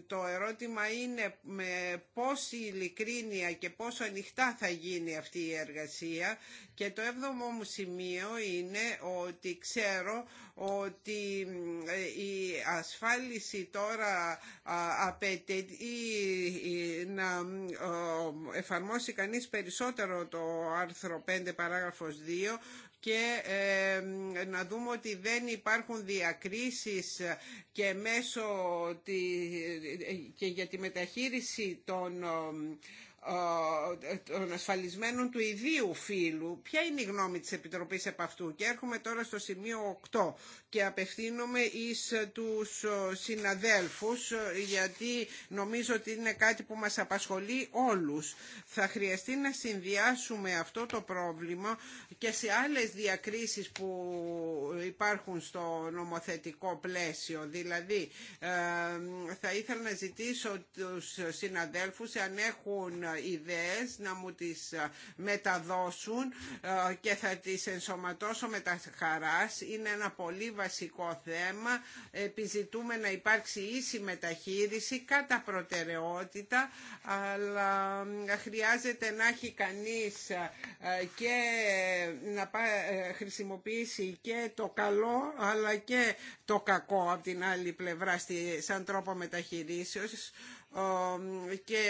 το ερώτημα είναι με πόση ειλικρίνεια και πόσο ανοιχτά θα γίνει αυτή η εργασία και το έβδομο μου σημείο είναι ότι ξέρω ότι ε, η ασφάλιση τώρα απαιτεί ε, να εφαρμόσει κανείς περισσότερο το άρθρο 5 παράγραφος 2 και ε, να δούμε ότι δεν υπάρχουν διακρίσεις και μέσω και για τη μεταχείριση των ε, ε, των ασφαλισμένων του ιδίου φύλου. Ποια είναι η γνώμη της Επιτροπής επ' αυτού. Και έρχομαι τώρα στο σημείο 8 και απευθύνομαι εις ε, τους συναδέλφους γιατί νομίζω ότι είναι κάτι που μας απασχολεί όλους. Θα χρειαστεί να συνδυάσουμε αυτό το πρόβλημα και σε άλλες διακρίσεις που υπάρχουν στο νομοθετικό πλαίσιο. Δηλαδή θα ήθελα να ζητήσω τους συναδέλφους αν έχουν ιδέες, να μου τις ε, μεταδώσουν ε, και θα τις ενσωματώσω με τα χαράς. Είναι ένα πολύ βασικό θέμα. Επιζητούμε να υπάρξει ίση μεταχείριση κατά προτεραιότητα, αλλά ε, χρειάζεται να έχει κανείς και να χρησιμοποιήσει και το καλό αλλά και το κακό από την άλλη πλευρά σαν τρόπο μεταχειρήσεως και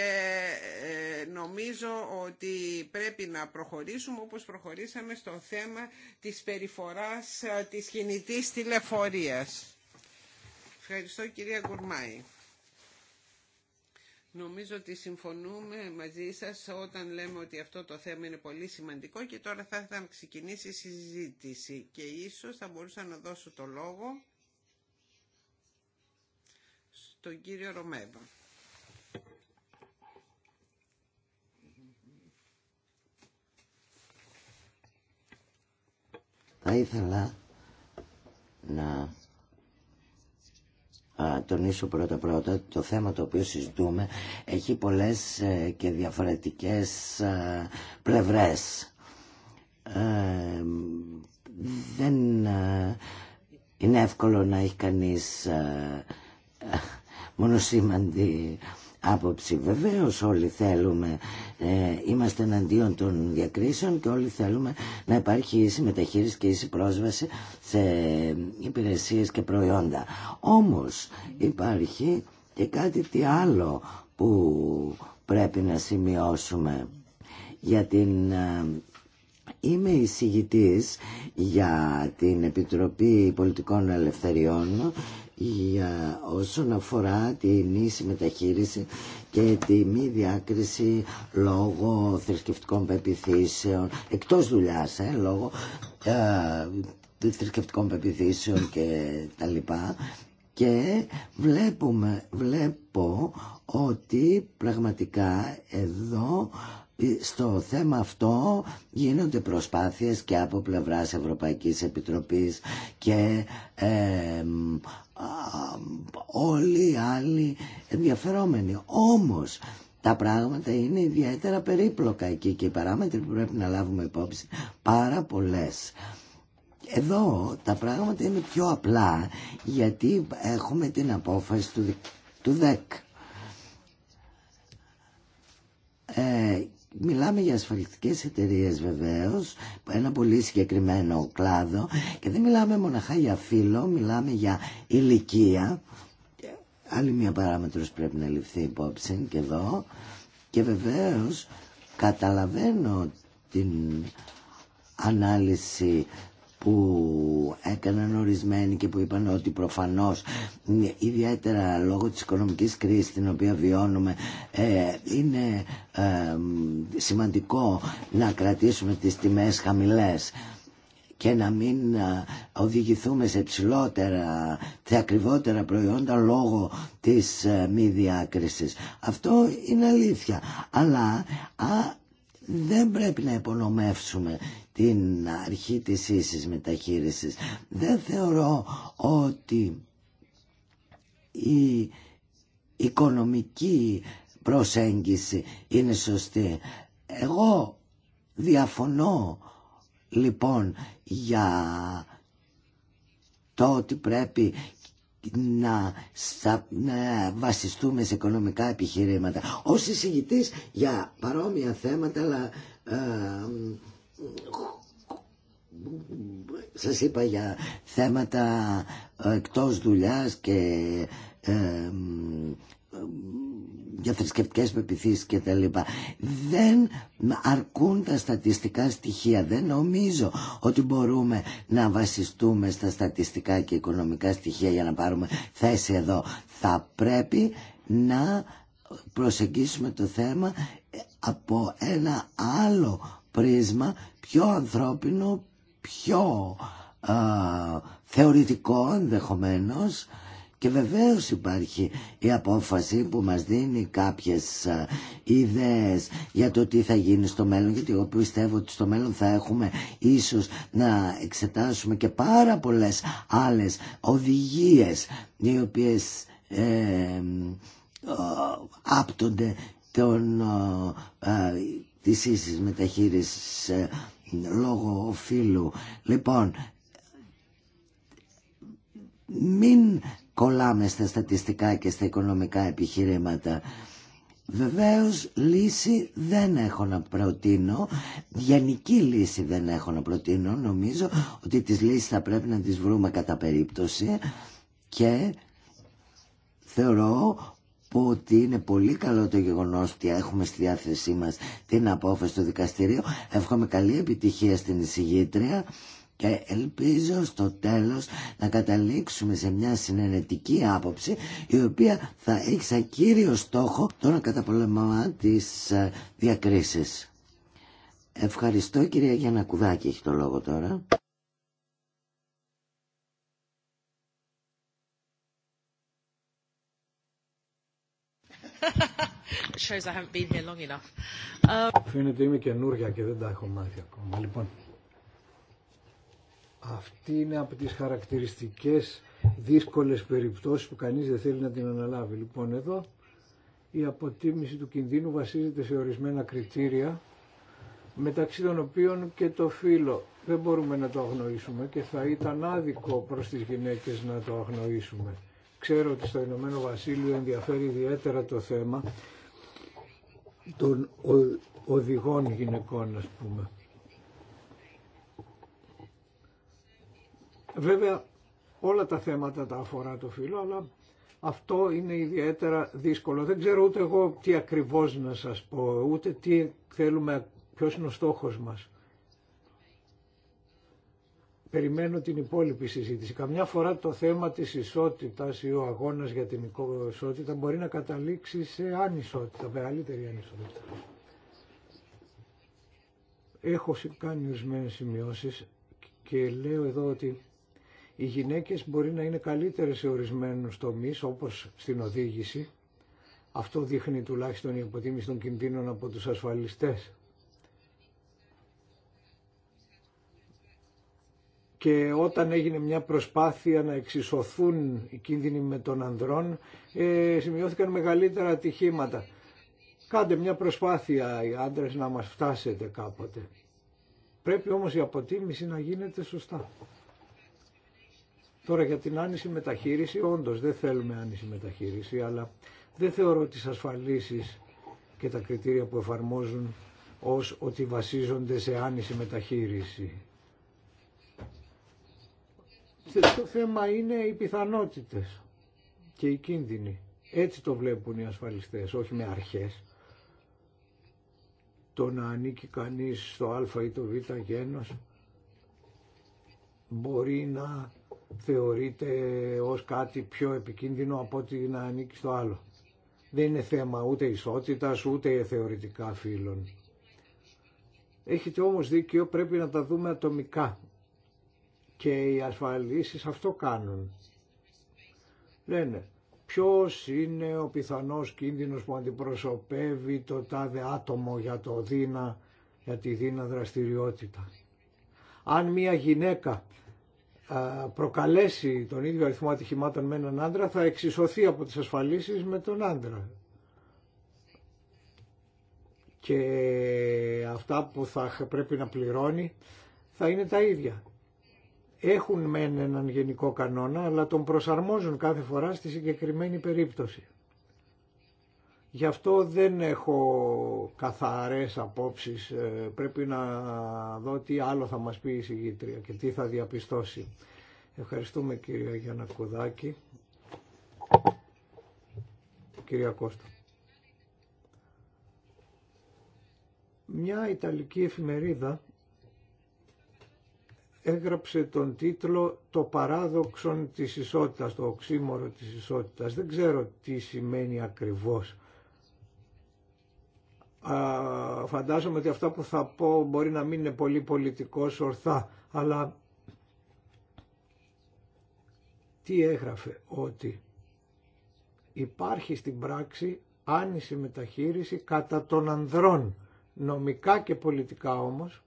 ε, νομίζω ότι πρέπει να προχωρήσουμε όπως προχωρήσαμε στο θέμα της περιφοράς ε, της κινητής τηλεφορίας. Ευχαριστώ κυρία Γκουρμάη. Νομίζω ότι συμφωνούμε μαζί σας όταν λέμε ότι αυτό το θέμα είναι πολύ σημαντικό και τώρα θα, να ξεκινήσει η συζήτηση και ίσως θα μπορούσα να δώσω το λόγο στον κύριο Ρωμέβα. Θα ήθελα να τονίσω πρώτα πρώτα το θέμα το οποίο συζητούμε έχει πολλές ε, και διαφορετικές ε, πλευρές ε, δεν είναι εύκολο να έχει κανείς μονοσήμαντη άποψη. Βεβαίως όλοι θέλουμε, ε, είμαστε εναντίον των διακρίσεων και όλοι θέλουμε να υπάρχει ίση μεταχείριση και ίση πρόσβαση σε υπηρεσίες και προϊόντα. Όμως υπάρχει και κάτι τι άλλο που πρέπει να σημειώσουμε για την ε, Είμαι εισηγητής για την Επιτροπή Πολιτικών Ελευθεριών όσον αφορά την ίση μεταχείριση και τη μη διάκριση λόγω θρησκευτικών πεπιθήσεων, εκτός δουλειάς, ε, λόγω ε, θρησκευτικών πεπιθήσεων και τα λοιπά. Και βλέπουμε, βλέπω ότι πραγματικά εδώ στο θέμα αυτό γίνονται προσπάθειες και από πλευράς Ευρωπαϊκής Επιτροπής και όλοι οι άλλοι ενδιαφερόμενοι. Όμως τα πράγματα είναι ιδιαίτερα περίπλοκα εκεί και οι παράμετροι που πρέπει να λάβουμε υπόψη πάρα πολλές. Εδώ τα πράγματα είναι πιο απλά γιατί έχουμε την απόφαση του, του ΔΕΚ. Ε, Μιλάμε για ασφαλιστικές εταιρείε βεβαίως, ένα πολύ συγκεκριμένο κλάδο και δεν μιλάμε μοναχά για φύλλο, μιλάμε για ηλικία. Άλλη μια παράμετρος πρέπει να ληφθεί υπόψη και εδώ. Και βεβαίως καταλαβαίνω την ανάλυση που έκαναν ορισμένοι και που είπαν ότι προφανώς ιδιαίτερα λόγω της οικονομικής κρίσης την οποία βιώνουμε ε, είναι ε, σημαντικό να κρατήσουμε τις τιμές χαμηλές και να μην ε, οδηγηθούμε σε ψηλότερα, σε ακριβότερα προϊόντα λόγω της μη διάκρισης. Αυτό είναι αλήθεια. Αλλά δεν πρέπει να υπονομεύσουμε την αρχή της ίσης μεταχείρισης. Δεν θεωρώ ότι η οικονομική προσέγγιση είναι σωστή. Εγώ διαφωνώ λοιπόν για το ότι πρέπει να, να βασιστούμε σε οικονομικά επιχειρήματα. Ως εισηγητής για παρόμοια θέματα αλλά ε, σας είπα για θέματα ε, εκτός δουλειάς και ε, για θρησκευτικέ πεπιθήσεις και τα λοιπά. Δεν αρκούν τα στατιστικά στοιχεία. Δεν νομίζω ότι μπορούμε να βασιστούμε στα στατιστικά και οικονομικά στοιχεία για να πάρουμε θέση εδώ. Θα πρέπει να προσεγγίσουμε το θέμα από ένα άλλο πρίσμα πιο ανθρώπινο, πιο α, θεωρητικό ενδεχομένως και βεβαίως υπάρχει η απόφαση που μας δίνει κάποιες ιδέες για το τι θα γίνει στο μέλλον γιατί εγώ πιστεύω ότι στο μέλλον θα έχουμε ίσως να εξετάσουμε και πάρα πολλές άλλες οδηγίες οι οποίες ε, άπτονται της ίσης μεταχείρισης ε, λόγω φίλου. Λοιπόν, μην κολλάμε στα στατιστικά και στα οικονομικά επιχειρήματα. Βεβαίως λύση δεν έχω να προτείνω, γενική λύση δεν έχω να προτείνω. Νομίζω ότι τις λύσεις θα πρέπει να τις βρούμε κατά περίπτωση και θεωρώ πω ότι είναι πολύ καλό το γεγονός ότι έχουμε στη διάθεσή μας την απόφαση του δικαστηρίου. Εύχομαι καλή επιτυχία στην εισηγήτρια και ελπίζω στο τέλος να καταλήξουμε σε μια συνενετική άποψη η οποία θα έχει σαν κύριο στόχο το να καταπολεμά τις ε, διακρίσεις. Ευχαριστώ κυρία Γιάννα έχει το λόγο τώρα. Shows I haven't been here long enough. Φαίνεται είμαι καινούρια και δεν τα έχω μάθει ακόμα. Λοιπόν, αυτή είναι από τις χαρακτηριστικές δύσκολες περιπτώσεις που κανείς δεν θέλει να την αναλάβει. Λοιπόν, εδώ η αποτίμηση του κινδύνου βασίζεται σε ορισμένα κριτήρια μεταξύ των οποίων και το φύλλο. Δεν μπορούμε να το αγνοήσουμε και θα ήταν άδικο προς τις γυναίκες να το αγνοήσουμε. Ξέρω ότι στο Ηνωμένο Βασίλειο ενδιαφέρει ιδιαίτερα το θέμα των οδηγών γυναικών, ας πούμε. Βέβαια, όλα τα θέματα τα αφορά το φίλο, αλλά αυτό είναι ιδιαίτερα δύσκολο. Δεν ξέρω ούτε εγώ τι ακριβώς να σας πω, ούτε τι θέλουμε, ποιος είναι ο στόχος μας περιμένω την υπόλοιπη συζήτηση. Καμιά φορά το θέμα της ισότητας ή ο αγώνας για την ισότητα μπορεί να καταλήξει σε ανισότητα, μεγαλύτερη ανισότητα. Έχω κάνει ορισμένε σημειώσει και λέω εδώ ότι οι γυναίκες μπορεί να είναι καλύτερες σε ορισμένους τομείς όπως στην οδήγηση. Αυτό δείχνει τουλάχιστον η υποτίμηση των κινδύνων από τους ασφαλιστές και όταν έγινε μια προσπάθεια να εξισωθούν οι κίνδυνοι με τον ανδρών ε, σημειώθηκαν μεγαλύτερα ατυχήματα. Κάντε μια προσπάθεια οι άντρες να μας φτάσετε κάποτε. Πρέπει όμως η αποτίμηση να γίνεται σωστά. Τώρα για την άνηση μεταχείριση, όντως δεν θέλουμε άνηση μεταχείριση, αλλά δεν θεωρώ τις ασφαλίσεις και τα κριτήρια που εφαρμόζουν ως ότι βασίζονται σε άνηση μεταχείριση το θέμα είναι οι πιθανότητες και οι κίνδυνοι. Έτσι το βλέπουν οι ασφαλιστές, όχι με αρχές. Το να ανήκει κανείς στο α ή το β γένος μπορεί να θεωρείται ως κάτι πιο επικίνδυνο από ότι να ανήκει στο άλλο. Δεν είναι θέμα ούτε ισότητα ούτε θεωρητικά φίλων. Έχετε όμως δίκιο, πρέπει να τα δούμε ατομικά και οι ασφαλίσεις αυτό κάνουν. Λένε ποιος είναι ο πιθανός κίνδυνος που αντιπροσωπεύει το τάδε άτομο για, το δίνα, για τη δίνα δραστηριότητα. Αν μια γυναίκα προκαλέσει τον ίδιο αριθμό ατυχημάτων με έναν άντρα θα εξισωθεί από τις ασφαλίσεις με τον άντρα. Και αυτά που θα πρέπει να πληρώνει θα είναι τα ίδια έχουν μεν έναν γενικό κανόνα αλλά τον προσαρμόζουν κάθε φορά στη συγκεκριμένη περίπτωση. Γι' αυτό δεν έχω καθαρές απόψεις, ε, πρέπει να δω τι άλλο θα μας πει η συγγήτρια και τι θα διαπιστώσει. Ευχαριστούμε κυρία Γιάννα Κουδάκη. Κυρία Κώστα. Μια Ιταλική εφημερίδα έγραψε τον τίτλο «Το παράδοξον της ισότητας», το οξύμορο της ισότητας. Δεν ξέρω τι σημαίνει ακριβώς. Α, φαντάζομαι ότι αυτά που θα πω μπορεί να μην είναι πολύ πολιτικός ορθά, αλλά τι έγραφε, ότι υπάρχει στην πράξη άνηση μεταχείριση κατά των ανδρών, νομικά και πολιτικά όμως,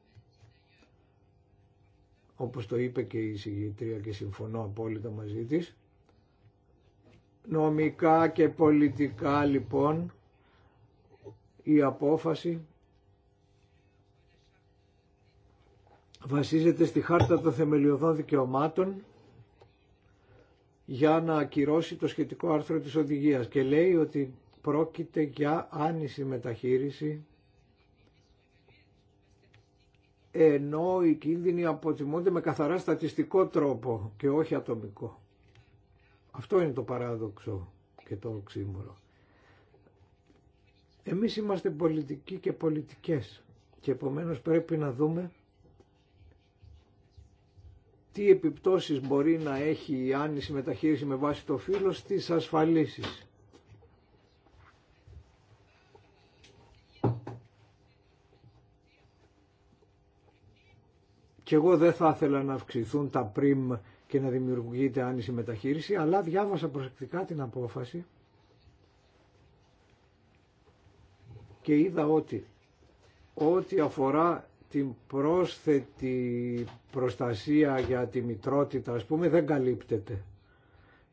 όπως το είπε και η συγγήτρια και συμφωνώ απόλυτα μαζί της. Νομικά και πολιτικά λοιπόν η απόφαση βασίζεται στη χάρτα των θεμελιωδών δικαιωμάτων για να ακυρώσει το σχετικό άρθρο της οδηγίας και λέει ότι πρόκειται για άνηση μεταχείριση ενώ οι κίνδυνοι αποτιμούνται με καθαρά στατιστικό τρόπο και όχι ατομικό. Αυτό είναι το παράδοξο και το οξύμορο. Εμείς είμαστε πολιτικοί και πολιτικές και επομένως πρέπει να δούμε τι επιπτώσεις μπορεί να έχει η άνηση μεταχείριση με βάση το φύλλο στις ασφαλίσεις. Και εγώ δεν θα ήθελα να αυξηθούν τα πριμ και να δημιουργείται άνηση μεταχείριση, αλλά διάβασα προσεκτικά την απόφαση και είδα ότι ό,τι αφορά την πρόσθετη προστασία για τη μητρότητα, ας πούμε, δεν καλύπτεται.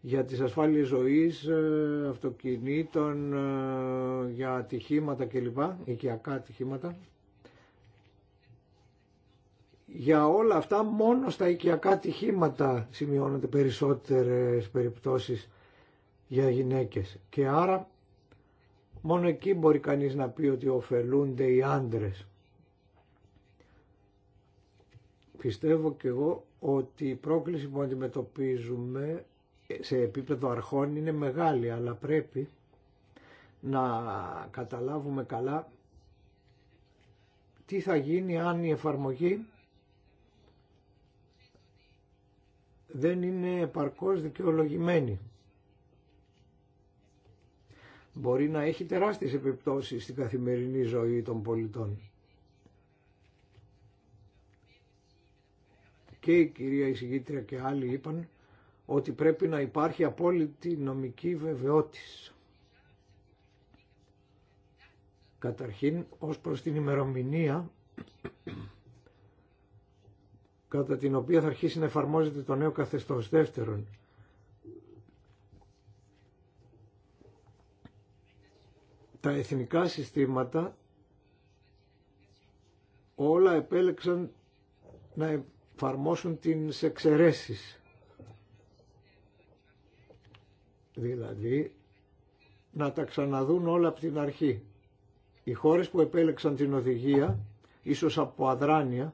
Για τις ασφάλειες ζωής, ε, αυτοκινήτων, ε, για ατυχήματα κλπ, οικιακά ατυχήματα, για όλα αυτά μόνο στα οικιακά τυχήματα σημειώνονται περισσότερες περιπτώσεις για γυναίκες και άρα μόνο εκεί μπορεί κανείς να πει ότι ωφελούνται οι άντρες. Πιστεύω και εγώ ότι η πρόκληση που αντιμετωπίζουμε σε επίπεδο αρχών είναι μεγάλη αλλά πρέπει να καταλάβουμε καλά τι θα γίνει αν η εφαρμογή δεν είναι επαρκώς δικαιολογημένη. Μπορεί να έχει τεράστιες επιπτώσεις στην καθημερινή ζωή των πολιτών. Και η κυρία εισηγήτρια και άλλοι είπαν ότι πρέπει να υπάρχει απόλυτη νομική βεβαιότηση. Καταρχήν, ως προς την ημερομηνία κατά την οποία θα αρχίσει να εφαρμόζεται το νέο καθεστώς. Δεύτερον, τα εθνικά συστήματα όλα επέλεξαν να εφαρμόσουν τις εξαιρέσεις. Δηλαδή, να τα ξαναδούν όλα από την αρχή. Οι χώρες που επέλεξαν την οδηγία, ίσως από αδράνεια,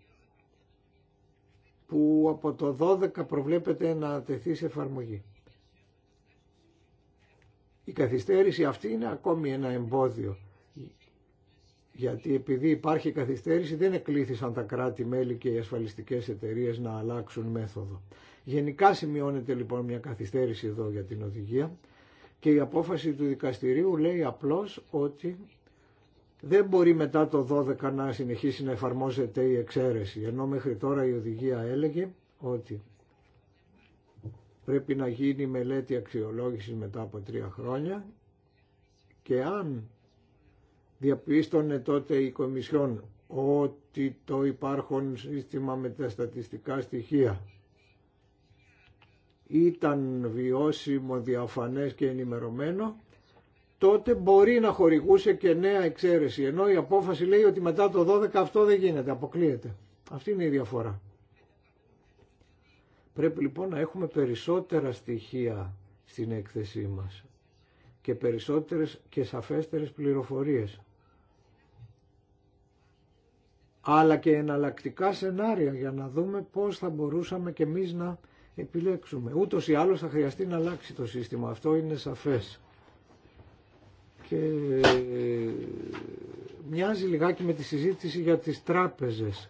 που από το 12 προβλέπεται να τεθεί σε εφαρμογή. Η καθυστέρηση αυτή είναι ακόμη ένα εμπόδιο. Γιατί επειδή υπάρχει καθυστέρηση δεν εκλήθησαν τα κράτη-μέλη και οι ασφαλιστικές εταιρείες να αλλάξουν μέθοδο. Γενικά σημειώνεται λοιπόν μια καθυστέρηση εδώ για την οδηγία και η απόφαση του δικαστηρίου λέει απλώς ότι δεν μπορεί μετά το 12 να συνεχίσει να εφαρμόζεται η εξαίρεση. Ενώ μέχρι τώρα η οδηγία έλεγε ότι πρέπει να γίνει μελέτη αξιολόγησης μετά από τρία χρόνια και αν διαπίστωνε τότε η Κομισιόν ότι το υπάρχον σύστημα με τα στατιστικά στοιχεία ήταν βιώσιμο, διαφανές και ενημερωμένο, τότε μπορεί να χορηγούσε και νέα εξαίρεση. Ενώ η απόφαση λέει ότι μετά το 12 αυτό δεν γίνεται, αποκλείεται. Αυτή είναι η διαφορά. Πρέπει λοιπόν να έχουμε περισσότερα στοιχεία στην έκθεσή μας και περισσότερες και σαφέστερες πληροφορίες. Αλλά και εναλλακτικά σενάρια για να δούμε πώς θα μπορούσαμε και εμείς να επιλέξουμε. Ούτως ή άλλως θα χρειαστεί να αλλάξει το σύστημα. Αυτό είναι σαφές και ε, μοιάζει λιγάκι με τη συζήτηση για τις τράπεζες.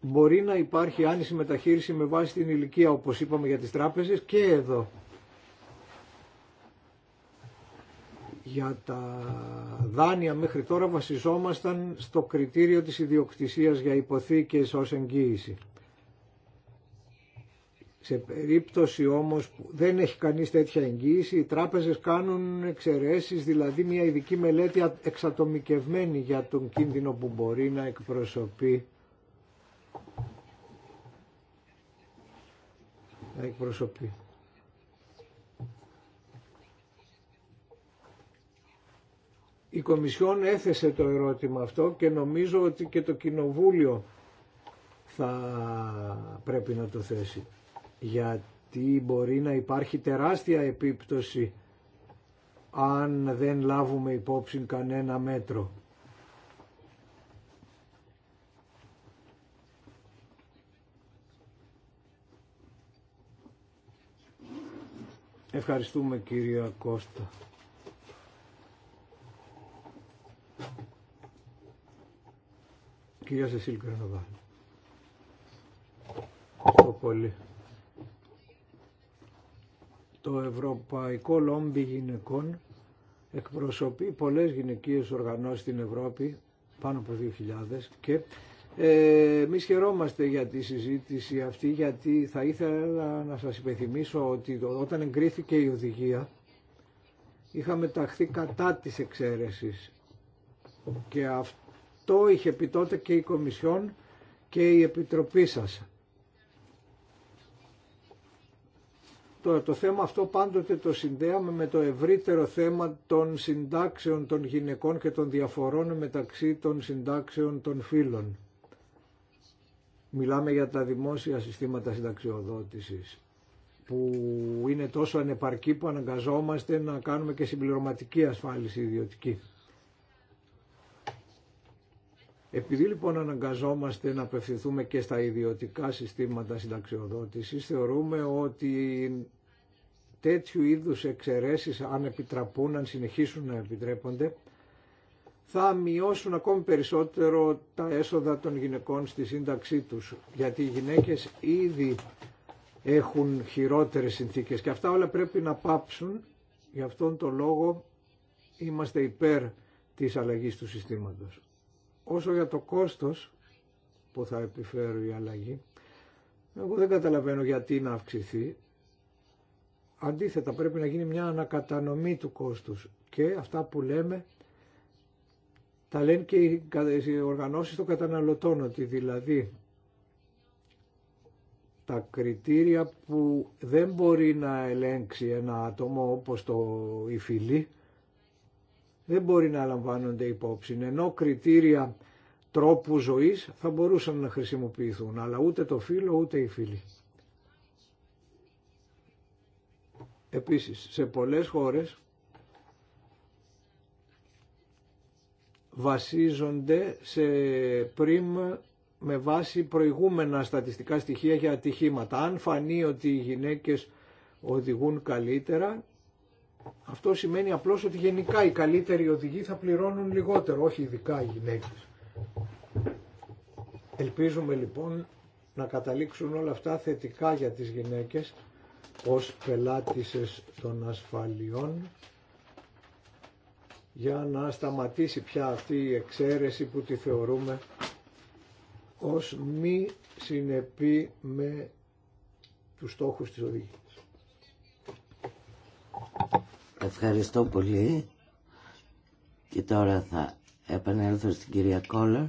Μπορεί να υπάρχει άνηση μεταχείριση με βάση την ηλικία όπως είπαμε για τις τράπεζες και εδώ. Για τα δάνεια μέχρι τώρα βασιζόμασταν στο κριτήριο της ιδιοκτησίας για υποθήκες ως εγγύηση. Σε περίπτωση όμως που δεν έχει κανείς τέτοια εγγύηση, οι τράπεζες κάνουν εξαιρέσεις, δηλαδή μια ειδική μελέτη εξατομικευμένη για τον κίνδυνο που μπορεί να εκπροσωπεί να εκπροσωπεί. Η Κομισιόν έθεσε το ερώτημα αυτό και νομίζω ότι και το Κοινοβούλιο θα πρέπει να το θέσει γιατί μπορεί να υπάρχει τεράστια επίπτωση αν δεν λάβουμε υπόψη κανένα μέτρο. Ευχαριστούμε κύριε Κώστα. Κυρία Σεσίλ Κρανοβάλ. Ευχαριστώ πολύ. Το Ευρωπαϊκό Λόμπι Γυναικών εκπροσωπεί πολλές γυναικείες οργανώσεις στην Ευρώπη, πάνω από 2.000 και ε, εμείς χαιρόμαστε για τη συζήτηση αυτή γιατί θα ήθελα να σας υπενθυμίσω ότι όταν εγκρίθηκε η οδηγία είχαμε ταχθεί κατά της εξαίρεσης και αυτό είχε πει τότε και η Κομισιόν και η Επιτροπή σας. το θέμα αυτό πάντοτε το συνδέαμε με το ευρύτερο θέμα των συντάξεων των γυναικών και των διαφορών μεταξύ των συντάξεων των φύλων. Μιλάμε για τα δημόσια συστήματα συνταξιοδότησης που είναι τόσο ανεπαρκή που αναγκαζόμαστε να κάνουμε και συμπληρωματική ασφάλιση ιδιωτική. Επειδή λοιπόν αναγκαζόμαστε να απευθυνθούμε και στα ιδιωτικά συστήματα συνταξιοδότησης, θεωρούμε ότι τέτοιου είδους εξαιρέσεις αν επιτραπούν, αν συνεχίσουν να επιτρέπονται, θα μειώσουν ακόμη περισσότερο τα έσοδα των γυναικών στη σύνταξή τους. Γιατί οι γυναίκες ήδη έχουν χειρότερες συνθήκες και αυτά όλα πρέπει να πάψουν. Γι' αυτόν τον λόγο είμαστε υπέρ της αλλαγής του συστήματος. Όσο για το κόστος που θα επιφέρει η αλλαγή, εγώ δεν καταλαβαίνω γιατί να αυξηθεί. Αντίθετα πρέπει να γίνει μια ανακατανομή του κόστους και αυτά που λέμε τα λένε και οι οργανώσεις των καταναλωτών ότι δηλαδή τα κριτήρια που δεν μπορεί να ελέγξει ένα άτομο όπως το η φυλή δεν μπορεί να λαμβάνονται υπόψη ενώ κριτήρια τρόπου ζωής θα μπορούσαν να χρησιμοποιηθούν αλλά ούτε το φύλλο ούτε η φυλή. Επίσης, σε πολλές χώρες βασίζονται σε πριμ με βάση προηγούμενα στατιστικά στοιχεία για ατυχήματα. Αν φανεί ότι οι γυναίκες οδηγούν καλύτερα, αυτό σημαίνει απλώς ότι γενικά οι καλύτεροι οδηγοί θα πληρώνουν λιγότερο, όχι ειδικά οι γυναίκες. Ελπίζουμε λοιπόν να καταλήξουν όλα αυτά θετικά για τις γυναίκες ως πελάτησες των ασφαλιών για να σταματήσει πια αυτή η εξαίρεση που τη θεωρούμε ως μη συνεπή με τους στόχους της οδηγίας. Ευχαριστώ πολύ και τώρα θα επανέλθω στην κυρία Κόλλερ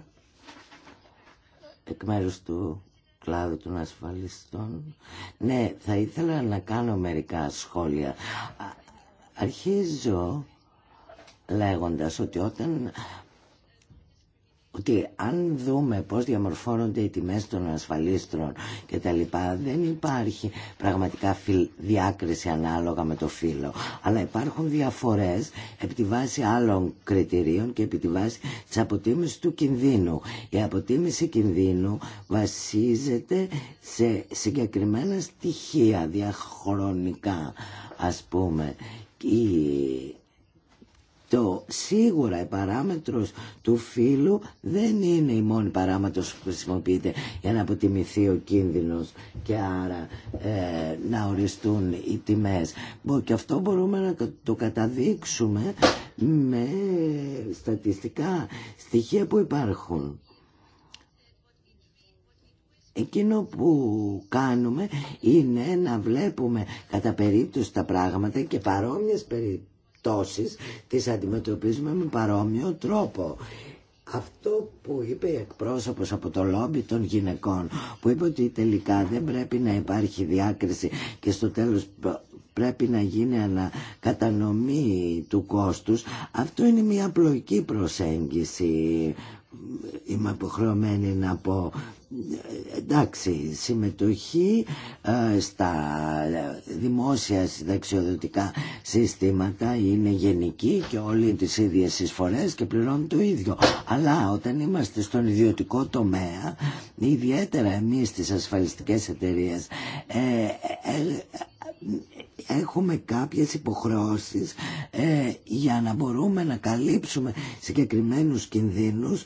εκ μέρους του κλάδο των ασφαλιστών. Ναι, θα ήθελα να κάνω μερικά σχόλια. Αρχίζω λέγοντας ότι όταν ότι αν δούμε πώς διαμορφώνονται οι τιμές των ασφαλίστρων και τα λοιπά, δεν υπάρχει πραγματικά διάκριση ανάλογα με το φύλλο. Αλλά υπάρχουν διαφορές επί τη βάση άλλων κριτηρίων και επί τη βάση της αποτίμησης του κινδύνου. Η αποτίμηση κινδύνου βασίζεται σε συγκεκριμένα στοιχεία διαχρονικά, ας πούμε. Η το σίγουρα η παράμετρος του φύλου δεν είναι η μόνη παράμετρος που χρησιμοποιείται για να αποτιμηθεί ο κίνδυνος και άρα ε, να οριστούν οι τιμές. Και αυτό μπορούμε να το καταδείξουμε με στατιστικά στοιχεία που υπάρχουν. Εκείνο που κάνουμε είναι να βλέπουμε κατά περίπτωση τα πράγματα και παρόμοιες περίπτωσεις πτώσεις τις αντιμετωπίζουμε με παρόμοιο τρόπο. Αυτό που είπε η εκπρόσωπος από το λόμπι των γυναικών που είπε ότι τελικά δεν πρέπει να υπάρχει διάκριση και στο τέλος πρέπει να γίνει ανακατανομή του κόστους αυτό είναι μια απλοϊκή προσέγγιση είμαι αποχρεωμένη να πω εντάξει, συμμετοχή ε, στα δημόσια συνταξιοδοτικά συστήματα είναι γενική και όλοι τις ίδιες εισφορές και πληρώνουν το ίδιο. Αλλά όταν είμαστε στον ιδιωτικό τομέα, ιδιαίτερα εμείς στις ασφαλιστικές εταιρείες, ε, ε, ε έχουμε κάποιες υποχρεώσεις για να μπορούμε να καλύψουμε συγκεκριμένους κινδύνους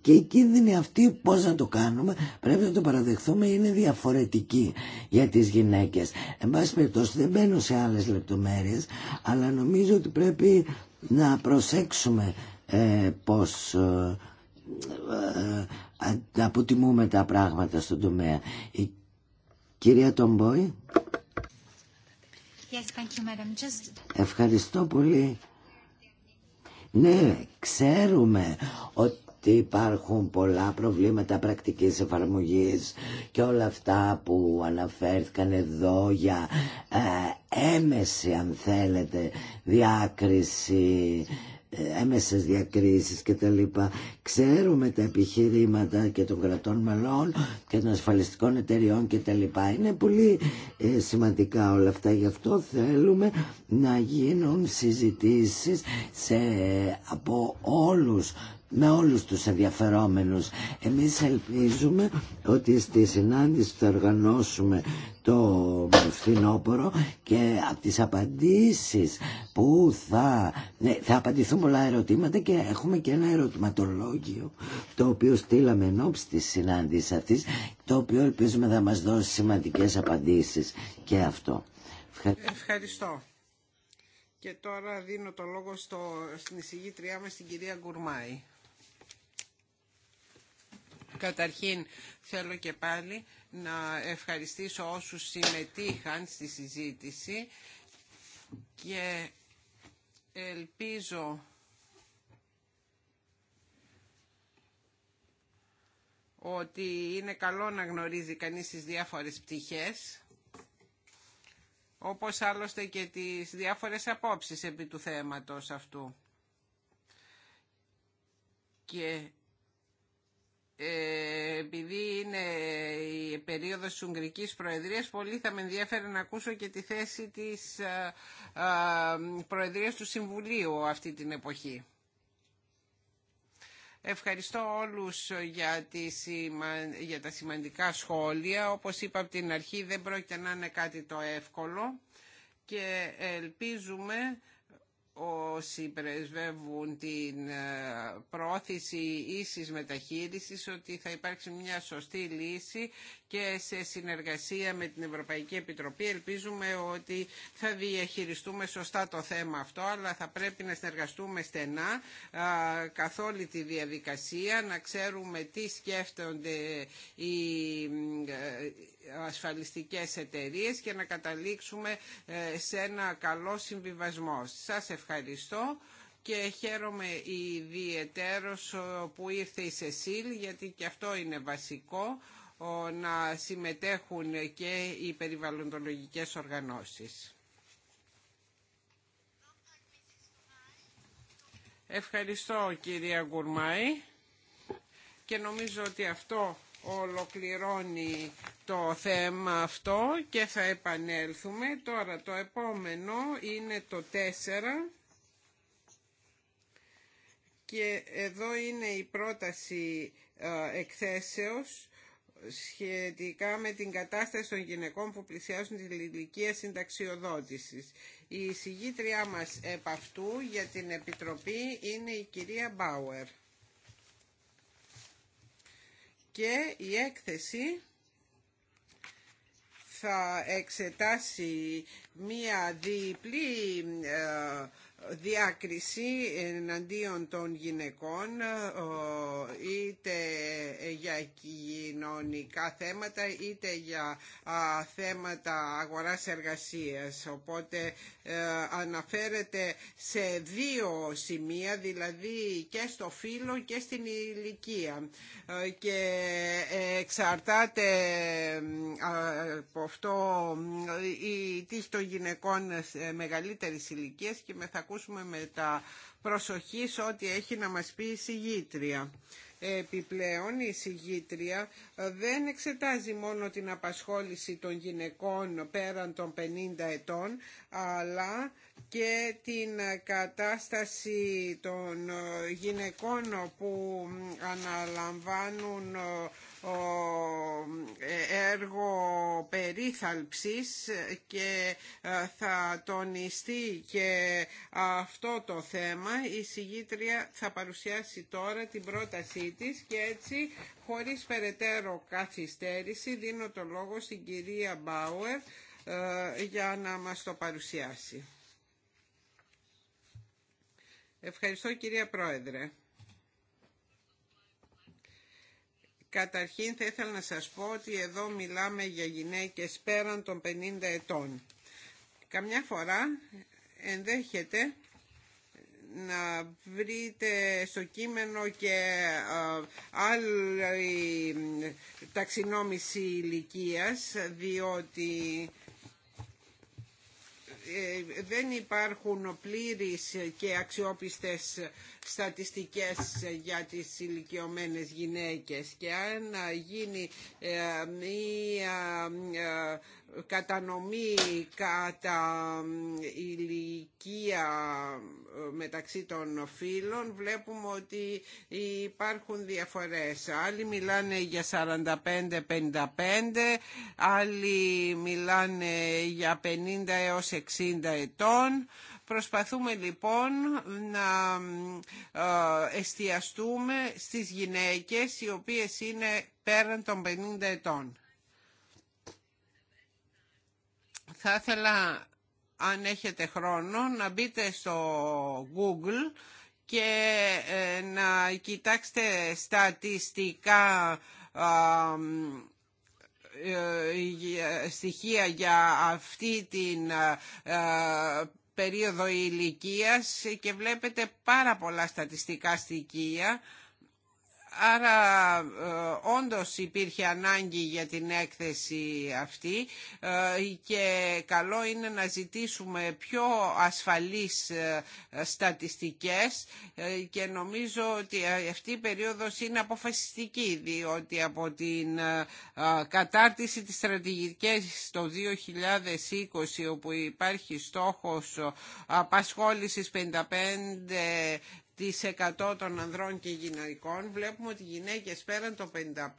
και οι κίνδυνοι αυτοί πώς να το κάνουμε πρέπει να το παραδεχθούμε είναι διαφορετική για τις γυναίκες εν πάση περιπτώσει δεν μπαίνω σε άλλες λεπτομέρειες αλλά νομίζω ότι πρέπει να προσέξουμε ε, πώς αποτιμούμε τα πράγματα στον τομέα. Κυρία Τομπόη. Yes, madam. Just... Ευχαριστώ πολύ. Ναι, ξέρουμε ότι υπάρχουν πολλά προβλήματα πρακτικής εφαρμογής και όλα αυτά που αναφέρθηκαν εδώ για ε, έμεση αν θέλετε διάκριση έμεσες διακρίσεις και τα Ξέρουμε τα επιχειρήματα και των κρατών μελών και των ασφαλιστικών εταιριών και τα Είναι πολύ ε, σημαντικά όλα αυτά. Γι' αυτό θέλουμε να γίνουν συζητήσεις σε, από όλους με όλους τους ενδιαφερόμενους. Εμείς ελπίζουμε ότι στη συνάντηση θα οργανώσουμε το φθινόπωρο και από τις απαντήσεις που θα, ναι, θα απαντηθούν πολλά ερωτήματα και έχουμε και ένα ερωτηματολόγιο το οποίο στείλαμε εν ώψη της συνάντηση αυτής το οποίο ελπίζουμε θα μας δώσει σημαντικές απαντήσεις και αυτό. Ευχαριστώ. Και τώρα δίνω το λόγο στο, στην εισηγήτριά μας την κυρία Γκουρμάη. Καταρχήν θέλω και πάλι να ευχαριστήσω όσους συμμετείχαν στη συζήτηση και ελπίζω ότι είναι καλό να γνωρίζει κανείς τις διάφορες πτυχές όπως άλλωστε και τις διάφορες απόψεις επί του θέματος αυτού. Και ε, επειδή είναι η περίοδος της Ουγγρικής Προεδρίας, πολύ θα με ενδιαφέρει να ακούσω και τη θέση της ε, ε, Προεδρίας του Συμβουλίου αυτή την εποχή. Ευχαριστώ όλους για, τις, για τα σημαντικά σχόλια. Όπως είπα από την αρχή δεν πρόκειται να είναι κάτι το εύκολο και ελπίζουμε όσοι πρεσβεύουν την ε, πρόθεση ίσης μεταχείρισης ότι θα υπάρξει μια σωστή λύση και σε συνεργασία με την Ευρωπαϊκή Επιτροπή ελπίζουμε ότι θα διαχειριστούμε σωστά το θέμα αυτό αλλά θα πρέπει να συνεργαστούμε στενά καθ' όλη τη διαδικασία να ξέρουμε τι σκέφτονται οι ε, ασφαλιστικές εταιρείες και να καταλήξουμε ε, σε ένα καλό συμβιβασμό. Σας ευχαριστώ και χαίρομαι ιδιαιτέρως που ήρθε η Σεσίλ γιατί και αυτό είναι βασικό να συμμετέχουν και οι περιβαλλοντολογικές οργανώσεις. Ευχαριστώ κυρία Γκουρμάη και νομίζω ότι αυτό ολοκληρώνει το θέμα αυτό και θα επανέλθουμε. Τώρα το επόμενο είναι το 4 και εδώ είναι η πρόταση ε, εκθέσεως σχετικά με την κατάσταση των γυναικών που πλησιάζουν τη ηλικία συνταξιοδότηση Η συγγήτριά μας επ' αυτού για την Επιτροπή είναι η κυρία Μπάουερ και η έκθεση θα εξετάσει μία διπλή ε, διάκριση εναντίον των γυναικών είτε για κοινωνικά θέματα είτε για θέματα αγοράς εργασίας οπότε ε, αναφέρεται σε δύο σημεία δηλαδή και στο φύλλο και στην ηλικία ε, και εξαρτάται ε, από αυτό η τύχη των γυναικών μεγαλύτερης ηλικίας και θα ακούσουμε με τα προσοχή ό,τι έχει να μας πει η συγγήτρια. Επιπλέον η συγγήτρια ε, δεν εξετάζει μόνο την απασχόληση των γυναικών πέραν των 50 ετών, αλλά και την ε, κατάσταση των ε, γυναικών που αναλαμβάνουν ε, έργο περίθαλψης και ε, θα τονιστεί και αυτό το θέμα. Η συγγήτρια θα παρουσιάσει τώρα την πρότασή της και έτσι χωρίς περαιτέρω καθυστέρηση δίνω το λόγο στην κυρία Μπάουερ ε, για να μας το παρουσιάσει. Ευχαριστώ κυρία Πρόεδρε. Καταρχήν θα ήθελα να σας πω ότι εδώ μιλάμε για γυναίκες πέραν των 50 ετών. Καμιά φορά ενδέχεται να βρείτε στο κείμενο και άλλη ταξινόμηση ηλικίας διότι ε, δεν υπάρχουν πλήρεις και αξιόπιστες στατιστικές για τις ηλικιωμένες γυναίκες και αν γίνει ε, μία ε, κατανομή κατά ηλικία μεταξύ των φίλων βλέπουμε ότι υπάρχουν διαφορές. Άλλοι μιλάνε για 45-55, άλλοι μιλάνε για 50 έως 60 ετών. Προσπαθούμε λοιπόν να ε, εστιαστούμε στις γυναίκες οι οποίες είναι πέραν των 50 ετών. Θα ήθελα αν έχετε χρόνο να μπείτε στο Google και ε, να κοιτάξετε στατιστικά ε, στοιχεία για αυτή την περίοδο ηλικίας και βλέπετε πάρα πολλά στατιστικά στοιχεία Άρα ε, όντως υπήρχε ανάγκη για την έκθεση αυτή ε, και καλό είναι να ζητήσουμε πιο ασφαλείς ε, στατιστικές και νομίζω ότι αυτή η περίοδος είναι αποφασιστική διότι από την κατάρτιση της στρατηγικής το 2020 όπου υπάρχει στόχος απασχόλησης 55 100 των ανδρών και γυναικών βλέπουμε ότι οι γυναίκες πέραν των 55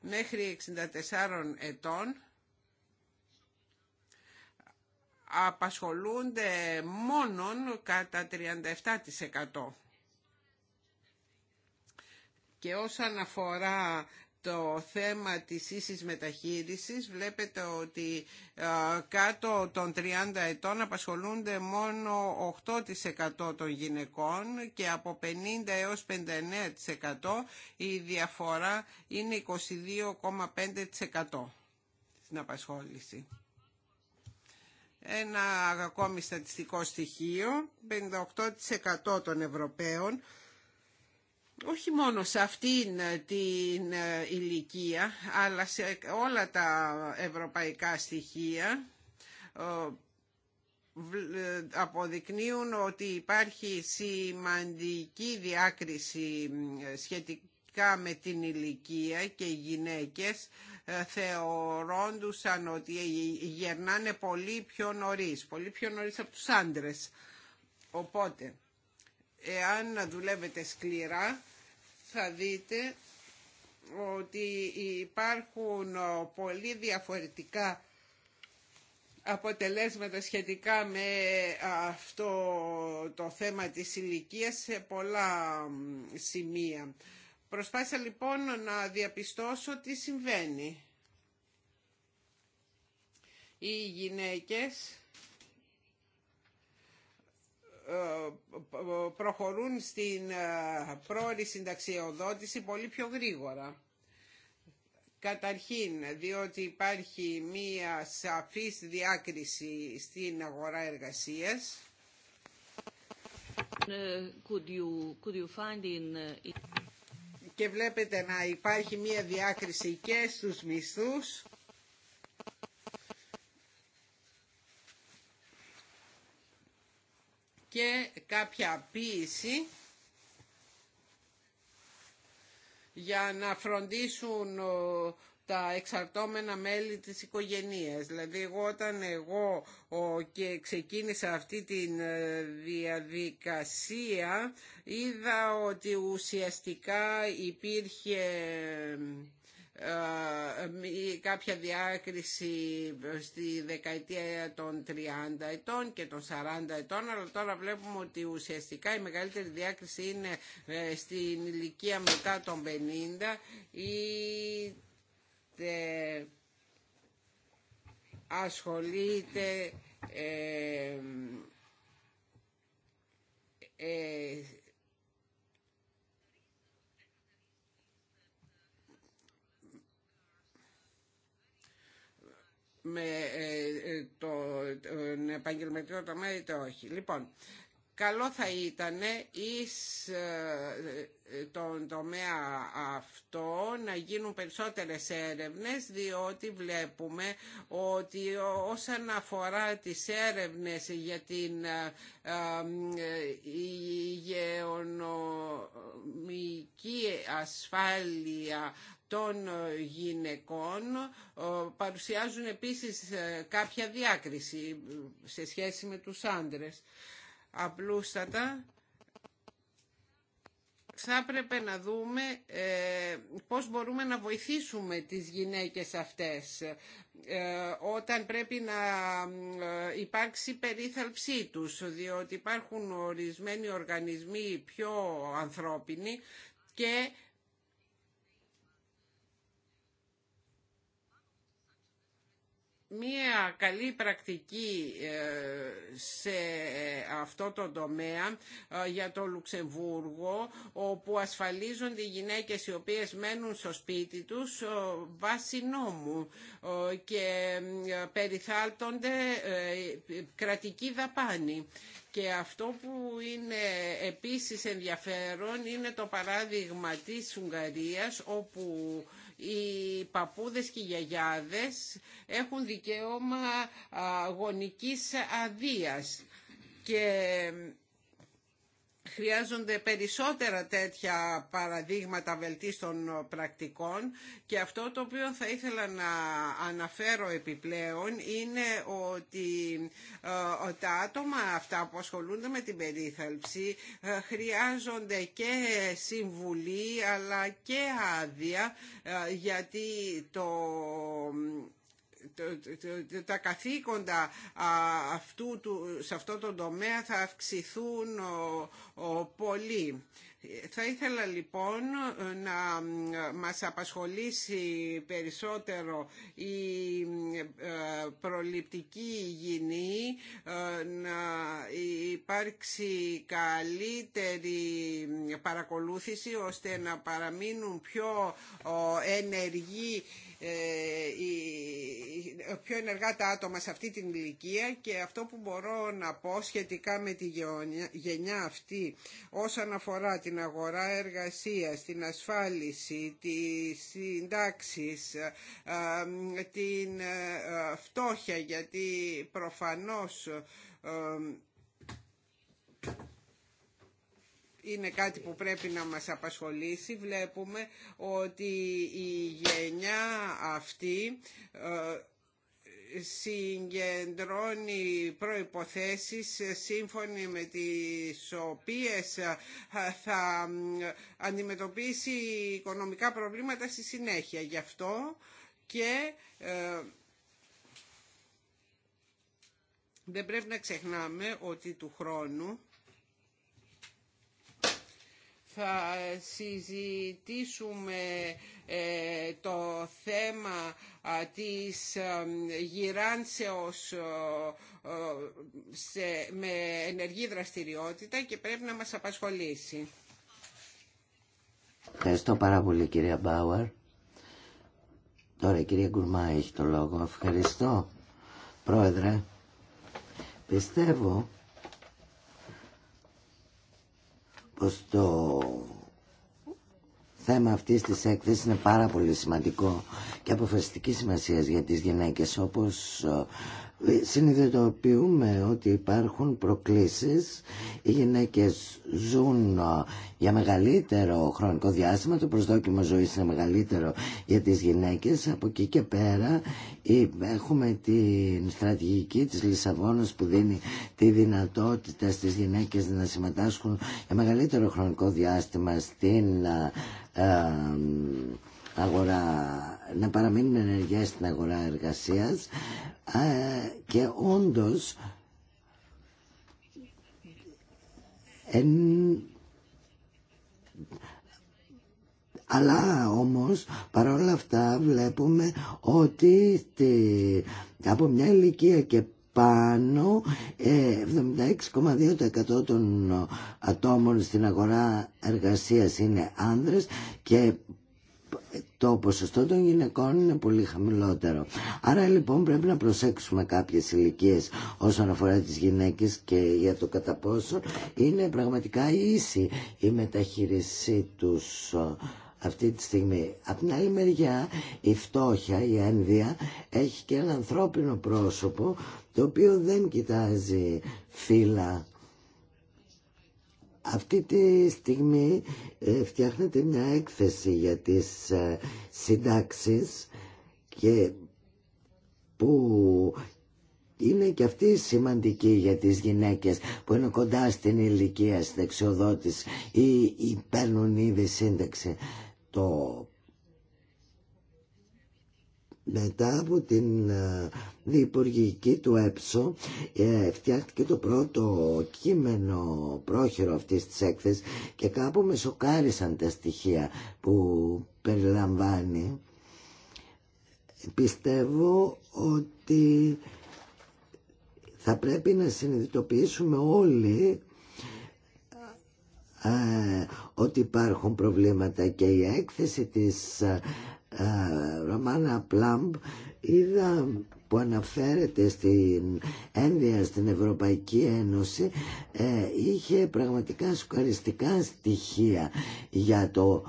μέχρι 64 ετών απασχολούνται μόνον κατά 37%. Και όσον αφορά το θέμα της ίσης μεταχείρισης βλέπετε ότι κάτω των 30 ετών απασχολούνται μόνο 8% των γυναικών και από 50 έως 59% η διαφορά είναι 22,5% στην απασχόληση. Ένα ακόμη στατιστικό στοιχείο, 58% των Ευρωπαίων όχι μόνο σε αυτήν ε, την ε, ηλικία, αλλά σε όλα τα ευρωπαϊκά στοιχεία ε, αποδεικνύουν ότι υπάρχει σημαντική διάκριση σχετικά με την ηλικία και οι γυναίκες θεωρώντουσαν ότι γερνάνε πολύ πιο νωρίς, πολύ πιο νωρίς από τους άντρες. Οπότε, εάν δουλεύετε σκληρά θα δείτε ότι υπάρχουν πολύ διαφορετικά αποτελέσματα σχετικά με αυτό το θέμα της ηλικία σε πολλά σημεία. Προσπάθησα λοιπόν να διαπιστώσω τι συμβαίνει. Οι γυναίκες προχωρούν στην ε, πρόορη συνταξιοδότηση πολύ πιο γρήγορα. Καταρχήν, διότι υπάρχει μία σαφής διάκριση στην αγορά εργασίας. Ε, could you, Και βλέπετε να υπάρχει μία διάκριση και στους μισθούς και κάποια ποίηση για να φροντίσουν τα εξαρτώμενα μέλη της οικογένειας. Δηλαδή εγώ όταν εγώ ο, και ξεκίνησα αυτή τη ε, διαδικασία είδα ότι ουσιαστικά υπήρχε ή ε, ε, κάποια διάκριση στη δεκαετία των 30 ετών και των 40 ετών αλλά τώρα βλέπουμε ότι ουσιαστικά η μεγαλύτερη διάκριση είναι ε, στην ηλικία μετά των 50 ή ασχολείται ε, με ε, ε, τον ε, επαγγελματικό τομέα είτε όχι. Λοιπόν, καλό θα ήταν εις τον τομέα αυτό να γίνουν περισσότερες έρευνες διότι βλέπουμε ότι όσον αφορά τις έρευνες για την υγειονομική ασφάλεια των ε, γυναικών ε, παρουσιάζουν επίσης ε, κάποια διάκριση σε σχέση με τους άντρες. Απλούστατα θα έπρεπε να δούμε ε, πώς μπορούμε να βοηθήσουμε τις γυναίκες αυτές όταν πρέπει να υπάρξει περίθαλψή τους, διότι υπάρχουν ορισμένοι οργανισμοί πιο ανθρώπινοι και Μία καλή πρακτική ε, σε αυτό το τομέα ε, για το Λουξεμβούργο όπου ασφαλίζονται οι γυναίκες οι οποίες μένουν στο σπίτι τους ε, βάσει νόμου και περιθάλτονται κρατική δαπάνη. Και αυτό που είναι επίσης ενδιαφέρον είναι το παράδειγμα της Ουγγαρίας όπου οι παππούδες και οι γιαγιάδες έχουν δικαίωμα γονικής αδείας και Χρειάζονται περισσότερα τέτοια παραδείγματα βελτίστων πρακτικών και αυτό το οποίο θα ήθελα να αναφέρω επιπλέον είναι ότι ε, τα άτομα αυτά που ασχολούνται με την περίθαλψη ε, χρειάζονται και συμβουλή αλλά και άδεια ε, γιατί το τα καθήκοντα αυτού του, σε αυτό το τομέα θα αυξηθούν πολύ. Θα ήθελα λοιπόν να μας απασχολήσει περισσότερο η ε, προληπτική υγιεινή, ε, να υπάρξει καλύτερη παρακολούθηση ώστε να παραμείνουν πιο ενεργοί ε, πιο ενεργά τα άτομα σε αυτή την ηλικία και αυτό που μπορώ να πω σχετικά με τη γενιά αυτή όσον αφορά την αγορά εργασίας, την ασφάλιση, τις συντάξεις, την ε, ε, φτώχεια γιατί προφανώς είναι κάτι που πρέπει να μας απασχολήσει. Βλέπουμε ότι η γενιά αυτή ε, συγκεντρώνει προϋποθέσεις σύμφωνη με τις οποίες ε, θα αντιμετωπίσει οικονομικά προβλήματα στη συνέχεια. Γι' αυτό και ε, δεν πρέπει να ξεχνάμε ότι του χρόνου θα συζητήσουμε ε, το θέμα της ε, γυράνσεως ε, με ενεργή δραστηριότητα και πρέπει να μας απασχολήσει. Ευχαριστώ πάρα πολύ κυρία Μπάουαρ. Τώρα η κυρία Γκουρμά έχει το λόγο. Ευχαριστώ πρόεδρε. Πιστεύω πως το θέμα αυτής της έκθεσης είναι πάρα πολύ σημαντικό και αποφασιστική σημασία για τις γυναίκες όπως συνειδητοποιούμε ότι υπάρχουν προκλήσεις οι γυναίκες ζουν για μεγαλύτερο χρονικό διάστημα το προσδόκιμο ζωής είναι μεγαλύτερο για τις γυναίκες από εκεί και πέρα έχουμε την στρατηγική της Λισαβόνας που δίνει τη δυνατότητα στις γυναίκες να συμμετάσχουν για μεγαλύτερο χρονικό διάστημα στην ε, αγορά, να παραμείνουν ενεργέ στην αγορά εργασίας και όντως εν... Αλλά όμως παρόλα αυτά βλέπουμε ότι από μια ηλικία και πάνω 76,2% ε, των ατόμων στην αγορά εργασίας είναι άνδρες και το ποσοστό των γυναικών είναι πολύ χαμηλότερο. Άρα λοιπόν πρέπει να προσέξουμε κάποιες ηλικίε όσον αφορά τις γυναίκες και για το κατά πόσο είναι πραγματικά ίση η μεταχείρισή τους ε, αυτή τη στιγμή. Από την άλλη μεριά η φτώχεια, η ένδυα, έχει και ένα ανθρώπινο πρόσωπο το οποίο δεν κοιτάζει φύλλα αυτή τη στιγμή ε, φτιάχνεται μια έκθεση για τις ε, συντάξεις και που είναι και αυτή σημαντική για τις γυναίκες που είναι κοντά στην ηλικία συνταξιοδότης ή, ή παίρνουν ήδη σύνταξη. Το μετά από την ε, διυπουργική του έψο ε, φτιάχτηκε το πρώτο κείμενο πρόχειρο αυτής της έκθεσης και κάπου με σοκάρισαν τα στοιχεία που περιλαμβάνει. Πιστεύω ότι θα πρέπει να συνειδητοποιήσουμε όλοι ε, ότι υπάρχουν προβλήματα και η έκθεση της Ρωμάνα Πλάμπ είδα που αναφέρεται στην ένδυα στην Ευρωπαϊκή Ένωση ε, είχε πραγματικά σοκαριστικά στοιχεία για το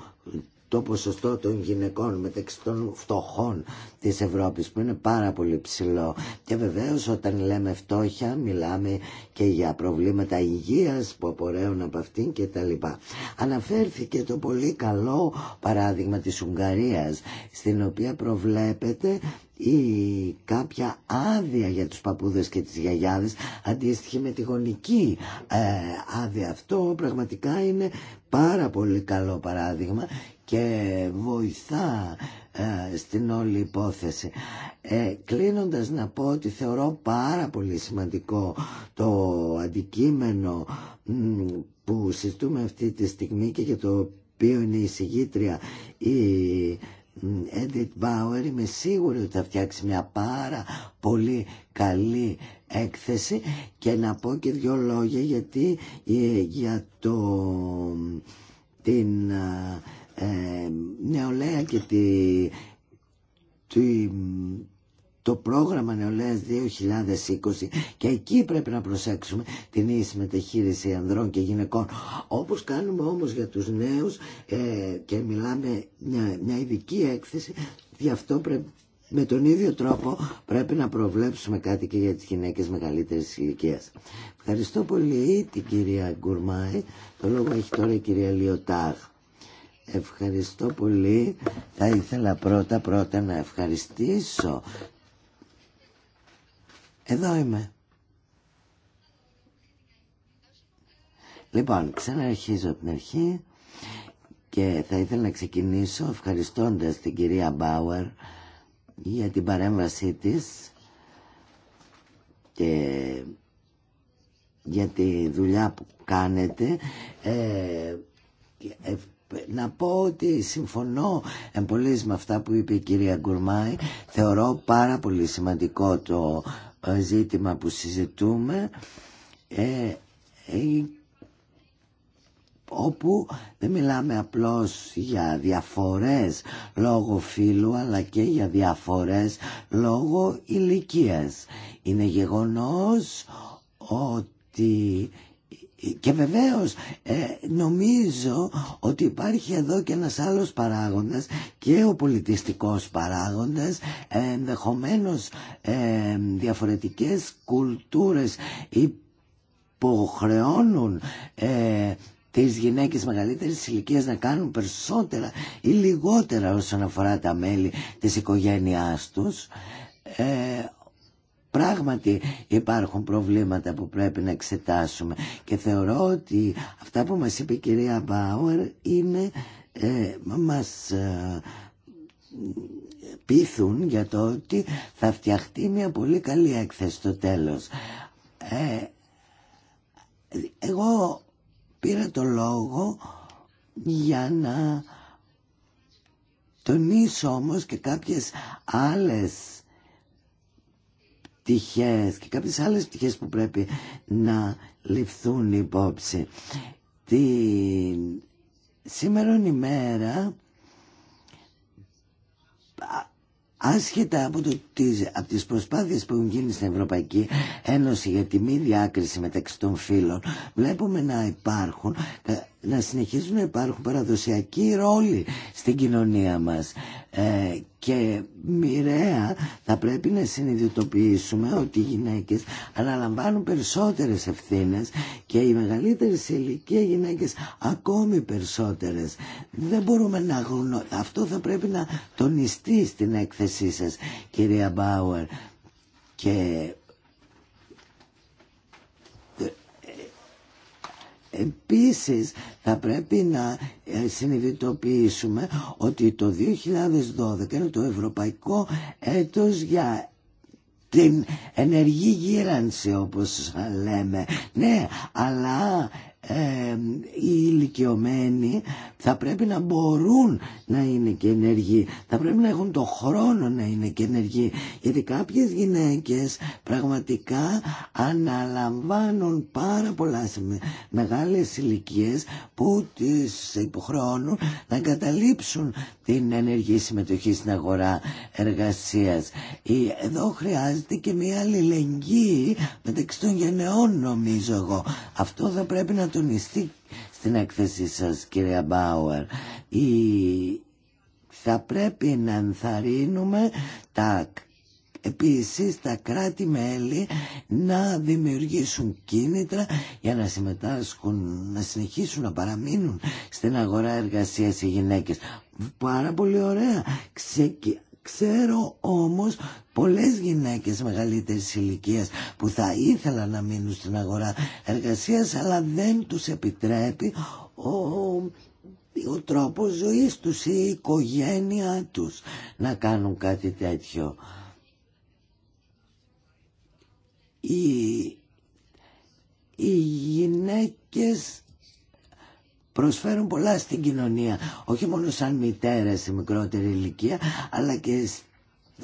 το ποσοστό των γυναικών μεταξύ των φτωχών της Ευρώπης που είναι πάρα πολύ ψηλό και βεβαίως όταν λέμε φτώχεια μιλάμε και για προβλήματα υγείας που απορρέουν από αυτήν και τα λοιπά. Αναφέρθηκε το πολύ καλό παράδειγμα της Ουγγαρίας στην οποία προβλέπεται ή κάποια άδεια για τους παππούδες και τις γιαγιάδες αντίστοιχη με τη γονική ε, άδεια. Αυτό πραγματικά είναι πάρα πολύ καλό παράδειγμα και βοηθά ε, στην όλη υπόθεση. Ε, κλείνοντας να πω ότι θεωρώ πάρα πολύ σημαντικό το αντικείμενο που συζητούμε αυτή τη στιγμή και για το οποίο είναι η συγγήτρια η Edith Bauer είμαι σίγουρη ότι θα φτιάξει μια πάρα πολύ καλή έκθεση και να πω και δύο λόγια γιατί ε, για το την ε, νεολαία και το πρόγραμμα νεολαίας 2020 και εκεί πρέπει να προσέξουμε την ίση μεταχείριση ανδρών και γυναικών όπως κάνουμε όμως για τους νέους ε, και μιλάμε μια, μια ειδική έκθεση γι' αυτό με τον ίδιο τρόπο πρέπει να προβλέψουμε κάτι και για τις γυναίκες μεγαλύτερης ηλικία. Ευχαριστώ πολύ την κυρία Γκουρμάη. Το λόγο έχει τώρα η κυρία Λιωτάχ. Ευχαριστώ πολύ. Θα ήθελα πρώτα πρώτα να ευχαριστήσω. Εδώ είμαι. Λοιπόν, ξαναρχίζω την αρχή και θα ήθελα να ξεκινήσω ευχαριστώντας την κυρία Μπάουερ για την παρέμβασή της και για τη δουλειά που κάνετε. Ε, να πω ότι συμφωνώ εμπολής με αυτά που είπε η κυρία Γκουρμάη. Θεωρώ πάρα πολύ σημαντικό το ε, ζήτημα που συζητούμε. Ε, ε, όπου δεν μιλάμε απλώς για διαφορές λόγω φύλου αλλά και για διαφορές λόγω ηλικίας. Είναι γεγονός ότι και βεβαίως ε, νομίζω ότι υπάρχει εδώ και ένας άλλος παράγοντας και ο πολιτιστικός παράγοντας ε, ενδεχομένως ε, διαφορετικές κουλτούρες υποχρεώνουν ε, τις γυναίκες μεγαλύτερης ηλικίας να κάνουν περισσότερα ή λιγότερα όσον αφορά τα μέλη της οικογένειάς τους ε, Πράγματι υπάρχουν προβλήματα που πρέπει να εξετάσουμε και θεωρώ ότι αυτά που μας είπε η κυρία Μπάουερ είναι, ε, μας ε, πείθουν για το ότι θα φτιαχτεί μια πολύ καλή έκθεση στο τέλος. Ε, εγώ πήρα το λόγο για να τονίσω όμως και κάποιες άλλες πτυχές και κάποιες άλλες πτυχές που πρέπει να ληφθούν υπόψη. Την σήμερον ημέρα άσχετα από, το, τις, από τις προσπάθειες που έχουν γίνει στην Ευρωπαϊκή Ένωση για τη μη διάκριση μεταξύ των φύλων βλέπουμε να υπάρχουν να συνεχίζουν να υπάρχουν παραδοσιακοί ρόλοι στην κοινωνία μας ε, και μοιραία θα πρέπει να συνειδητοποιήσουμε ότι οι γυναίκες αναλαμβάνουν περισσότερες ευθύνες και οι μεγαλύτερες ηλικία γυναίκες ακόμη περισσότερες δεν μπορούμε να γνω... αυτό θα πρέπει να τονιστεί στην έκθεσή σας κυρία Μπάουερ και Επίσης θα πρέπει να ε, συνειδητοποιήσουμε ότι το 2012 είναι το ευρωπαϊκό έτος για την ενεργή γύρανση όπως λέμε. Ναι, αλλά οι ηλικιωμένοι θα πρέπει να μπορούν να είναι και ενεργοί. Θα πρέπει να έχουν το χρόνο να είναι και ενεργοί. Γιατί κάποιες γυναίκες πραγματικά αναλαμβάνουν πάρα πολλά σε μεγάλες ηλικίε που τις υποχρεώνουν να εγκαταλείψουν την ενεργή συμμετοχή στην αγορά εργασίας. Εδώ χρειάζεται και μια αλληλεγγύη μεταξύ των γενεών νομίζω εγώ. Αυτό θα πρέπει να το στην έκθεσή σας κυρία Μπάουερ θα πρέπει να ενθαρρύνουμε τα Επίσης τα κράτη-μέλη να δημιουργήσουν κίνητρα για να συμμετάσχουν, να συνεχίσουν να παραμείνουν στην αγορά εργασίας οι γυναίκες. Πάρα πολύ ωραία. Ξέρω όμως πολλές γυναίκες μεγαλύτερης ηλικία που θα ήθελαν να μείνουν στην αγορά εργασίας αλλά δεν τους επιτρέπει ο, ο τρόπος ζωής τους ή η οικογένειά τους να κάνουν κάτι τέτοιο. Οι, οι γυναίκες προσφέρουν πολλά στην κοινωνία, όχι μόνο σαν μητέρα σε μικρότερη ηλικία, αλλά και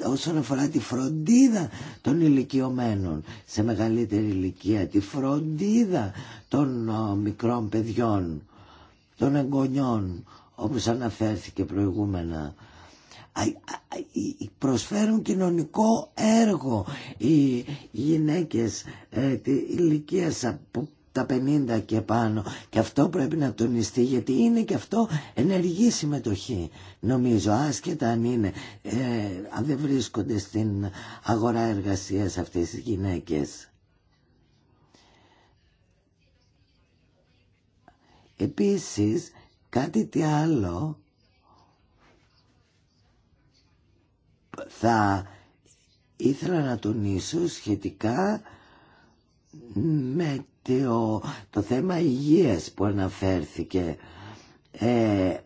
όσον αφορά τη φροντίδα των ηλικιωμένων σε μεγαλύτερη ηλικία, τη φροντίδα των μικρών παιδιών, των εγγονιών, όπως αναφέρθηκε προηγούμενα. Προσφέρουν κοινωνικό έργο οι γυναίκες ε, ηλικία από τα 50 και πάνω και αυτό πρέπει να τονιστεί γιατί είναι και αυτό ενεργή συμμετοχή νομίζω άσχετα αν είναι ε, αν δεν βρίσκονται στην αγορά εργασίας αυτές οι γυναίκες επίσης κάτι τι άλλο θα ήθελα να τονίσω σχετικά με το, θέμα υγείας που αναφέρθηκε ε,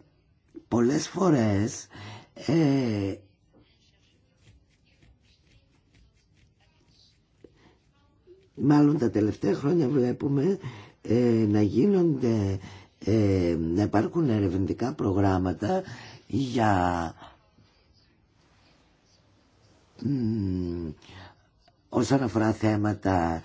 πολλές φορές ε, μάλλον τα τελευταία χρόνια βλέπουμε ε, να γίνονται ε, να υπάρχουν ερευνητικά προγράμματα για μ, όσον αφορά θέματα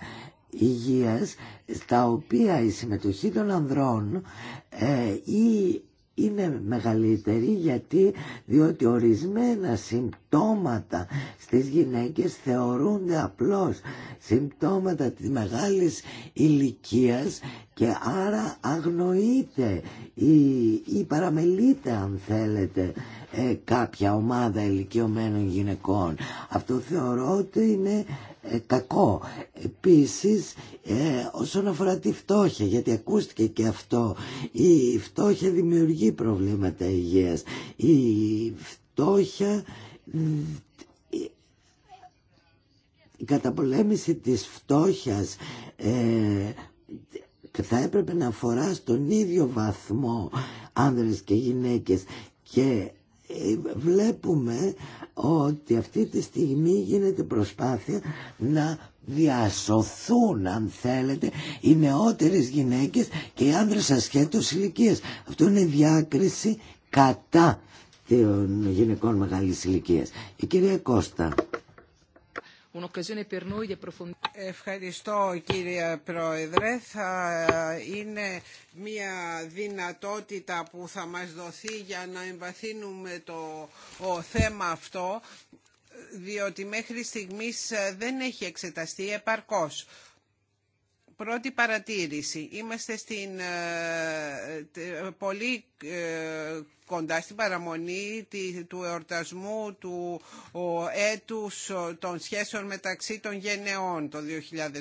υγείας στα οποία η συμμετοχή των ανδρών ε, ή είναι μεγαλύτερη γιατί διότι ορισμένα συμπτώματα στις γυναίκες θεωρούνται απλώς συμπτώματα της μεγάλης ηλικίας και άρα αγνοείται ή, ή παραμελείται αν θέλετε ε, κάποια ομάδα ηλικιωμένων γυναικών. Αυτό θεωρώ ότι είναι ε, κακό. Επίσης ε, όσον αφορά τη φτώχεια γιατί ακούστηκε και αυτό η φτώχεια δημιουργεί προβλήματα υγείας. Η φτώχεια ε, η καταπολέμηση της φτώχειας θα έπρεπε να αφορά στον ίδιο βαθμό άνδρες και γυναίκες και βλέπουμε ότι αυτή τη στιγμή γίνεται προσπάθεια να διασωθούν αν θέλετε οι νεότερες γυναίκες και οι άνδρες ασχέτως ηλικία. αυτό είναι διάκριση κατά των γυναικών μεγάλης ηλικίας η κυρία Κώστα Ευχαριστώ κύριε Πρόεδρε. Θα είναι μια δυνατότητα που θα μας δοθεί για να εμβαθύνουμε το θέμα αυτό διότι μέχρι στιγμής δεν έχει εξεταστεί επαρκώς. Πρώτη παρατήρηση. Είμαστε στην ε, πολύ ε, κοντά στην παραμονή του εορτασμού του έτους των σχέσεων μεταξύ των γενεών το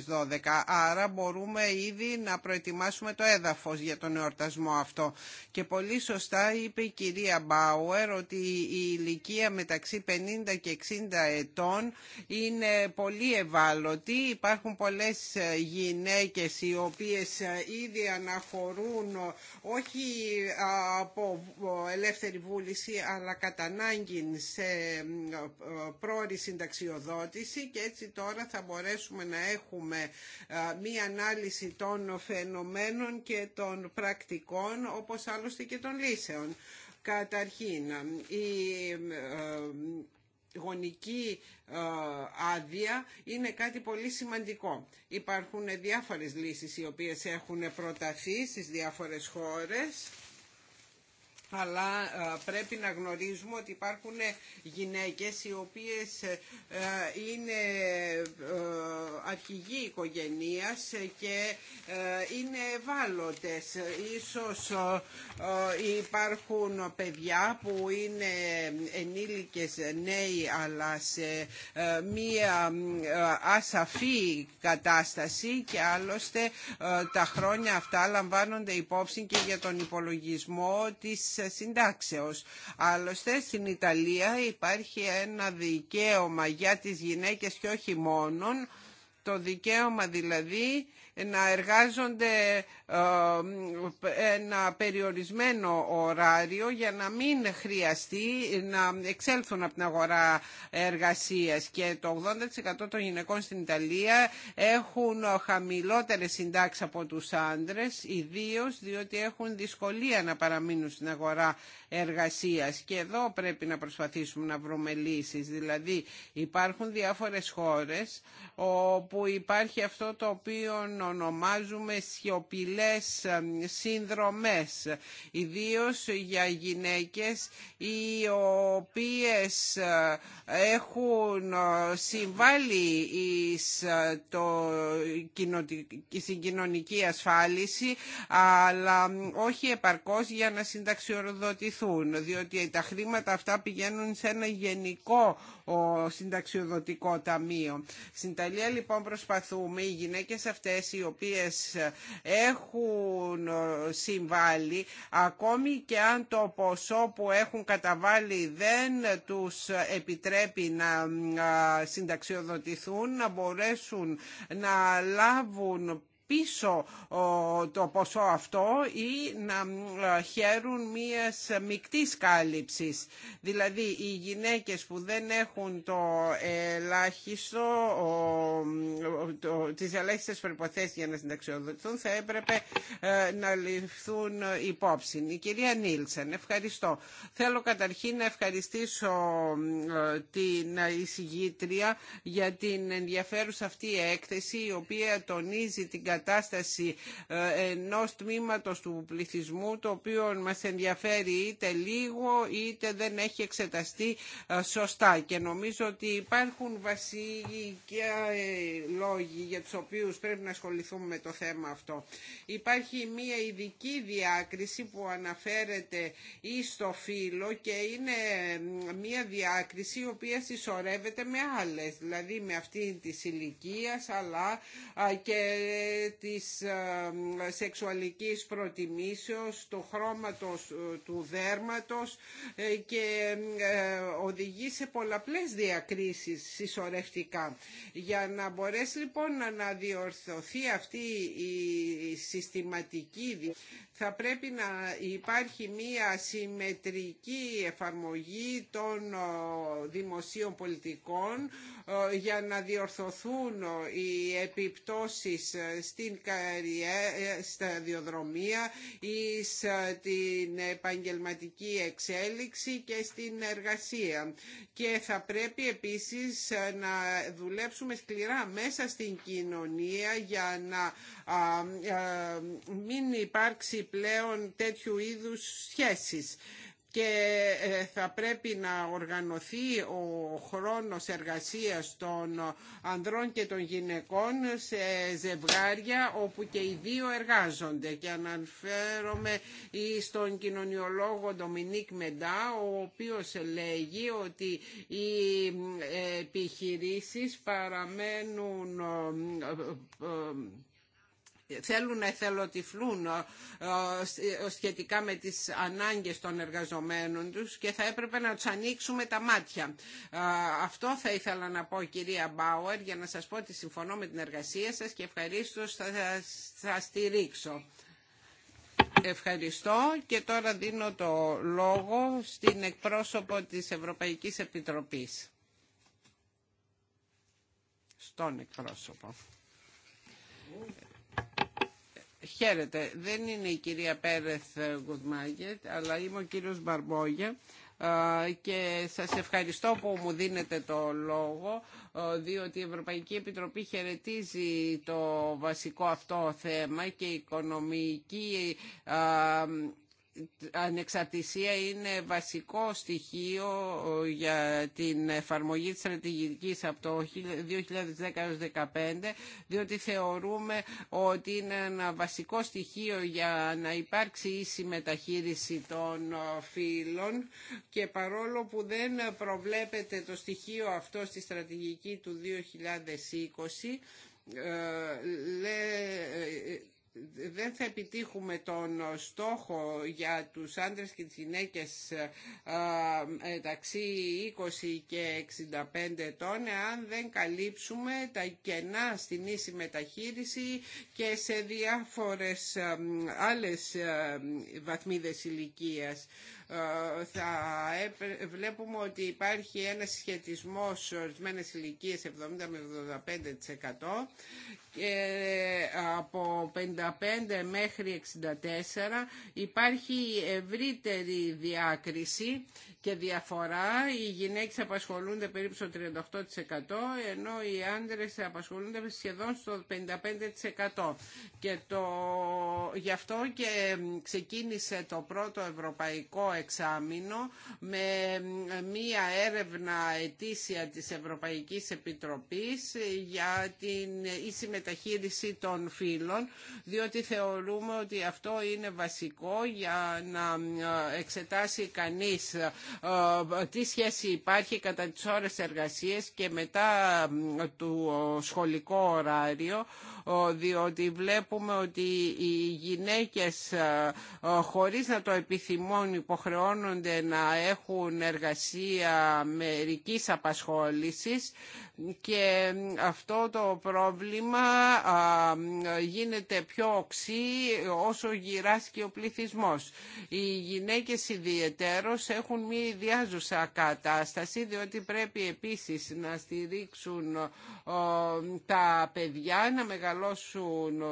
2012. Άρα μπορούμε ήδη να προετοιμάσουμε το έδαφος για τον εορτασμό αυτό. Και πολύ σωστά είπε η κυρία Μπάουερ ότι η ηλικία μεταξύ 50 και 60 ετών είναι πολύ ευάλωτη. Υπάρχουν πολλές ε, γυναίκες οι οποίες ε, ήδη αναχωρούν όχι ε, από ελεύθερη βούληση αλλά κατά ανάγκη σε πρόορη συνταξιοδότηση και έτσι τώρα θα μπορέσουμε να έχουμε μία ανάλυση των φαινομένων και των πρακτικών όπως άλλωστε και των λύσεων. Καταρχήν, η γονική άδεια είναι κάτι πολύ σημαντικό. Υπάρχουν διάφορες λύσεις οι οποίες έχουν προταθεί στις διάφορες χώρες αλλά ε, πρέπει να γνωρίζουμε ότι υπάρχουν γυναίκες οι οποίες ε, είναι ε, αρχηγοί οικογενείας και είναι ευάλωτες. Ίσως υπάρχουν παιδιά που είναι ενήλικες νέοι αλλά σε μία ασαφή κατάσταση και άλλωστε τα χρόνια αυτά λαμβάνονται υπόψη και για τον υπολογισμό της συντάξεως. Άλλωστε στην Ιταλία υπάρχει ένα δικαίωμα για τις γυναίκες και όχι μόνον, το δικαίωμα δηλαδή να εργάζονται ε, ένα περιορισμένο ωράριο για να μην χρειαστεί να εξέλθουν από την αγορά εργασίας και το 80% των γυναικών στην Ιταλία έχουν χαμηλότερες συντάξεις από τους άντρες ιδίως διότι έχουν δυσκολία να παραμείνουν στην αγορά εργασίας και εδώ πρέπει να προσπαθήσουμε να βρούμε λύσεις. Δηλαδή υπάρχουν διάφορες χώρες όπου υπάρχει αυτό το οποίο ονομάζουμε σιωπηλέ σύνδρομες, ιδίως για γυναίκες οι οποίες ε, έχουν ε, συμβάλει ε, στην κοινωνική ασφάλιση αλλά όχι επαρκώς για να συνταξιοδοτηθούν διότι τα χρήματα αυτά πηγαίνουν σε ένα γενικό συνταξιοδοτικό ταμείο. Στην Ιταλία λοιπόν προσπαθούμε οι γυναίκες αυτές οι οποίες ε, έχουν ε, συμβάλει, ακόμη και αν το ποσό που έχουν καταβάλει δεν τους επιτρέπει να ε, συνταξιοδοτηθούν, να μπορέσουν να λάβουν πίσω το ποσό αυτό ή να ε, χαίρουν μίας μικτής κάλυψης. Δηλαδή οι γυναίκες που δεν έχουν το ελάχιστο, το, τις ελάχιστες προϋποθέσεις για να συνταξιοδοτηθούν θα έπρεπε ε, να ληφθούν υπόψη. Η κυρία Νίλσεν, ευχαριστώ. Θέλω καταρχήν να ευχαριστήσω ε, την εισηγήτρια για την ενδιαφέρουσα αυτή έκθεση η οποία τονίζει την κατάσταση ε, ενός τμήματος του πληθυσμού το οποίο μας ενδιαφέρει είτε λίγο είτε δεν έχει εξεταστεί ε, σωστά και νομίζω ότι υπάρχουν και ε, λόγοι για τους οποίους πρέπει να ασχοληθούμε με το θέμα αυτό. Υπάρχει μία ειδική διάκριση που αναφέρεται ή στο φύλλο και είναι μία διάκριση η οποία συσσωρεύεται με άλλες, δηλαδή με αυτήν της ηλικία, αλλά και ειναι μια διακριση η οποια συσσωρευεται με αλλες δηλαδη με αυτή της ηλικια αλλα και της ε, σεξουαλικής προτιμήσεως, του χρώματος ε, του δέρματος ε, και οδηγεί σε πολλαπλές διακρίσεις συσσωρευτικά. Για να μπορέσει λοιπόν να διορθωθεί αυτή η συστηματική θα πρέπει να υπάρχει μία συμμετρική εφαρμογή των δημοσίων πολιτικών για να διορθωθούν οι επιπτώσεις ε, στην καριέρα, ε, στα διοδρομία ή στην επαγγελματική εξέλιξη και στην εργασία. Και θα πρέπει επίσης ε, να δουλέψουμε σκληρά μέσα στην κοινωνία για να μην υπάρξει πλέον τέτοιου είδους σχέσεις και ε, θα πρέπει να οργανωθεί ο χρόνος εργασίας των ανδρών και των γυναικών σε ζευγάρια όπου και οι δύο εργάζονται και αναφέρομαι στον κοινωνιολόγο Ντομινίκ Μεντά ο οποίος λέγει ότι οι ε, επιχειρήσεις παραμένουν ε, θέλουν να εθελοτυφλούν ε, ε, σχετικά με τις ανάγκες των εργαζομένων τους και θα έπρεπε να τους ανοίξουμε τα μάτια. Ε, αυτό θα ήθελα να πω κυρία Μπάουερ για να σας πω ότι συμφωνώ με την εργασία σας και ευχαρίστω θα σας στηρίξω. Ευχαριστώ και τώρα δίνω το λόγο στην εκπρόσωπο της Ευρωπαϊκής Επιτροπής. Στον εκπρόσωπο. Χαίρετε. Δεν είναι η κυρία Πέρεθ Γκουτμάγκετ, αλλά είμαι ο κύριος Μπαρμπόγια και σας ευχαριστώ που μου δίνετε το λόγο διότι η Ευρωπαϊκή Επιτροπή χαιρετίζει το βασικό αυτό θέμα και η οικονομική ανεξαρτησία είναι βασικό στοιχείο ε, για την εφαρμογή της στρατηγικής από το 2010-2015 διότι θεωρούμε ότι είναι ένα βασικό στοιχείο για να υπάρξει ίση μεταχείριση των ε, φύλων και παρόλο που δεν προβλέπεται το στοιχείο αυτό στη στρατηγική του 2020 δεν θα επιτύχουμε τον στόχο για τους άντρες και τις γυναίκες μεταξύ 20 και 65 ετών αν δεν καλύψουμε τα κενά στην ίση μεταχείριση και σε διάφορες άλλες βαθμίδες ηλικίας. Ε, θα βλέπουμε ότι υπάρχει ένα σχετισμό σε ορισμένε ηλικίε 70 με 75% και ε, από 55 μέχρι 64 υπάρχει ευρύτερη διάκριση και διαφορά. Οι γυναίκες απασχολούνται περίπου στο 38% ενώ οι άντρες απασχολούνται σχεδόν στο 55%. Και το... γι' αυτό και ξεκίνησε το πρώτο ευρωπαϊκό εξάμεινο με μία έρευνα ετήσια της Ευρωπαϊκής Επιτροπής για την ίση μεταχείριση των φύλων διότι θεωρούμε ότι αυτό είναι βασικό για να εξετάσει κανείς ε, τι σχέση υπάρχει κατά τις ώρες εργασίας και μετά το σχολικό ωράριο διότι βλέπουμε ότι οι γυναίκες ε, ε, χωρίς να το επιθυμούν υποχρεώνονται να έχουν εργασία μερικής απασχόλησης και αυτό το πρόβλημα γίνεται πιο οξύ όσο γυράς και ο πληθυσμός. Οι γυναίκες ιδιαιτέρως έχουν μία ιδιάζουσα κατάσταση διότι πρέπει επίσης να στηρίξουν τα παιδιά να μεγαλώσουν μεγαλώσουν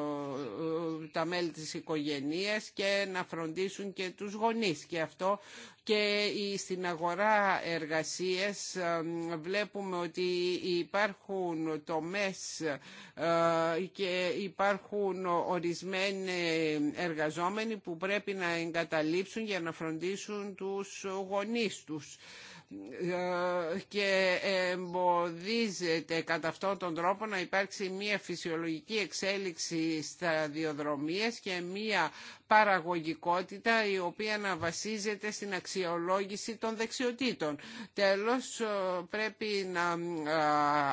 τα μέλη της οικογένειας και να φροντίσουν και τους γονείς και αυτό και στην αγορά εργασίες ε, βλέπουμε ότι υπάρχουν τομές ε, και υπάρχουν ορισμένοι εργαζόμενοι που πρέπει να εγκαταλείψουν για να φροντίσουν τους γονείς τους. Ε, και εμποδίζεται κατά αυτόν τον τρόπο να υπάρξει μία φυσιολογική εξέλιξη στα διοδρομίες και μία παραγωγικότητα η οποία να βασίζεται στην αξιολόγηση των δεξιοτήτων. Τέλος, ε, πρέπει να ε,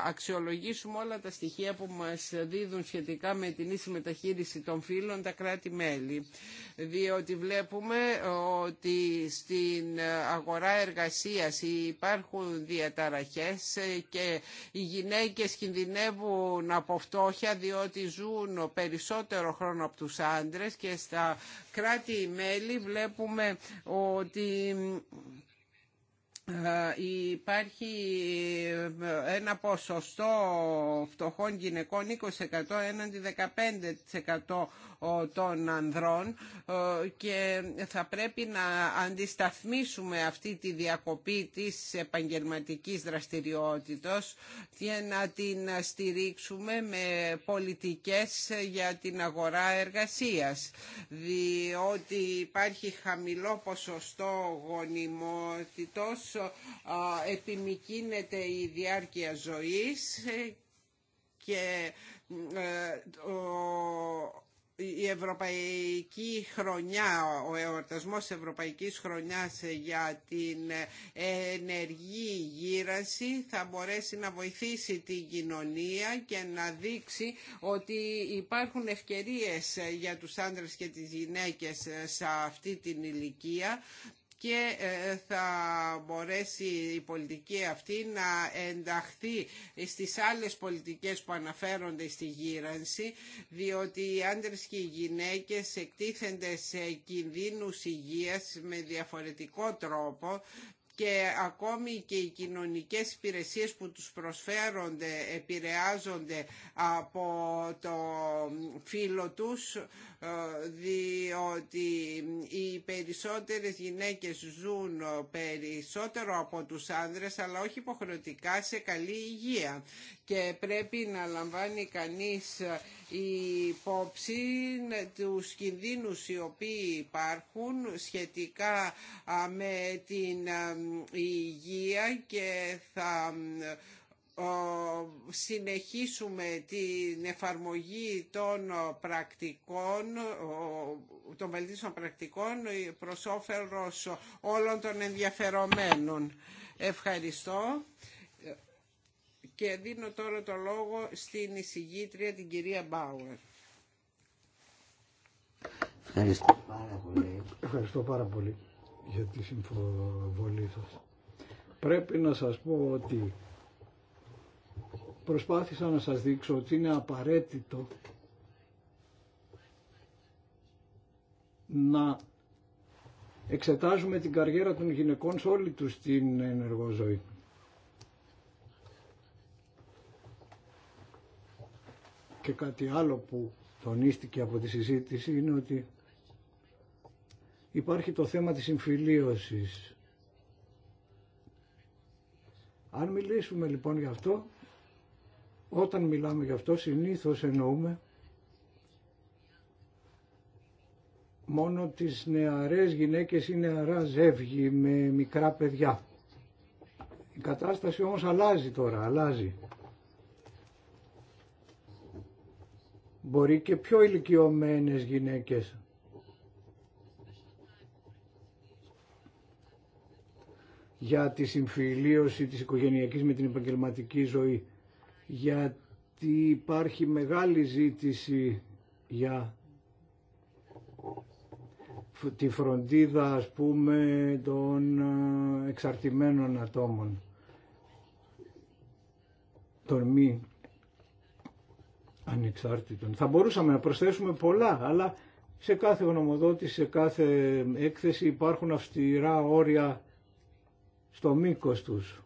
αξιολογήσουμε όλα τα στοιχεία που μας δίδουν σχετικά με την ίση μεταχείριση των φύλων τα κράτη-μέλη. Διότι βλέπουμε ε, ότι στην αγορά εργασίας υπάρχουν διαταραχές και οι γυναίκες κινδυνεύουν από φτώχεια διότι ζουν περισσότερο χρόνο από τους άντρες και στα κράτη-μέλη βλέπουμε ότι ε, υπάρχει ε, ένα ποσοστό φτωχών γυναικών 20% έναντι 15% των ανδρών και θα πρέπει να αντισταθμίσουμε αυτή τη διακοπή της επαγγελματικής δραστηριότητας και να την στηρίξουμε με πολιτικές για την αγορά εργασίας διότι υπάρχει χαμηλό ποσοστό γονιμότητος επιμικίνεται η διάρκεια ζωής ε, και ε, η Ευρωπαϊκή Χρονιά, ο εορτασμός Ευρωπαϊκής Χρονιάς για την ενεργή γύραση θα μπορέσει να βοηθήσει την κοινωνία και να δείξει ότι υπάρχουν ευκαιρίες για τους άντρες και τις γυναίκες σε αυτή την ηλικία και ε, θα μπορέσει η πολιτική αυτή να ενταχθεί στις άλλες πολιτικές που αναφέρονται στη γύρανση διότι οι άντρες και οι γυναίκες εκτίθενται σε κινδύνους υγείας με διαφορετικό τρόπο και ακόμη και οι κοινωνικές υπηρεσίες που τους προσφέρονται επηρεάζονται από το φύλλο τους ε, διότι οι περισσότερες γυναίκες ζουν περισσότερο από τους άνδρες αλλά όχι υποχρεωτικά σε καλή υγεία και πρέπει να λαμβάνει κανείς ε, υπόψη του κινδύνους οι οποίοι υπάρχουν σχετικά με την ε, υγεία και θα ε, συνεχίσουμε την εφαρμογή των πρακτικών, των βελτίστων πρακτικών προς όφελος όλων των ενδιαφερομένων. Ευχαριστώ. Και δίνω τώρα το λόγο στην εισηγήτρια την κυρία Μπάουερ. Ευχαριστώ πάρα πολύ. Ευχαριστώ πάρα πολύ για τη συμφοβολή σας. Πρέπει να σας πω ότι προσπάθησα να σας δείξω ότι είναι απαραίτητο να εξετάζουμε την καριέρα των γυναικών σε όλη τους την ενεργό ζωή. και κάτι άλλο που τονίστηκε από τη συζήτηση είναι ότι υπάρχει το θέμα της συμφιλίωσης. Αν μιλήσουμε λοιπόν γι' αυτό, όταν μιλάμε γι' αυτό συνήθως εννοούμε μόνο τις νεαρές γυναίκες ή νεαρά ζεύγη με μικρά παιδιά. Η κατάσταση όμως αλλάζει τώρα, αλλάζει. μπορεί και πιο ηλικιωμένες γυναίκες. για τη συμφιλίωση της οικογενειακής με την επαγγελματική ζωή. Γιατί υπάρχει μεγάλη ζήτηση για τη φροντίδα ας πούμε των ε, εξαρτημένων ατόμων των μη ανεξάρτητων. Θα μπορούσαμε να προσθέσουμε πολλά, αλλά σε κάθε γνωμοδότηση, σε κάθε έκθεση υπάρχουν αυστηρά όρια στο μήκος τους.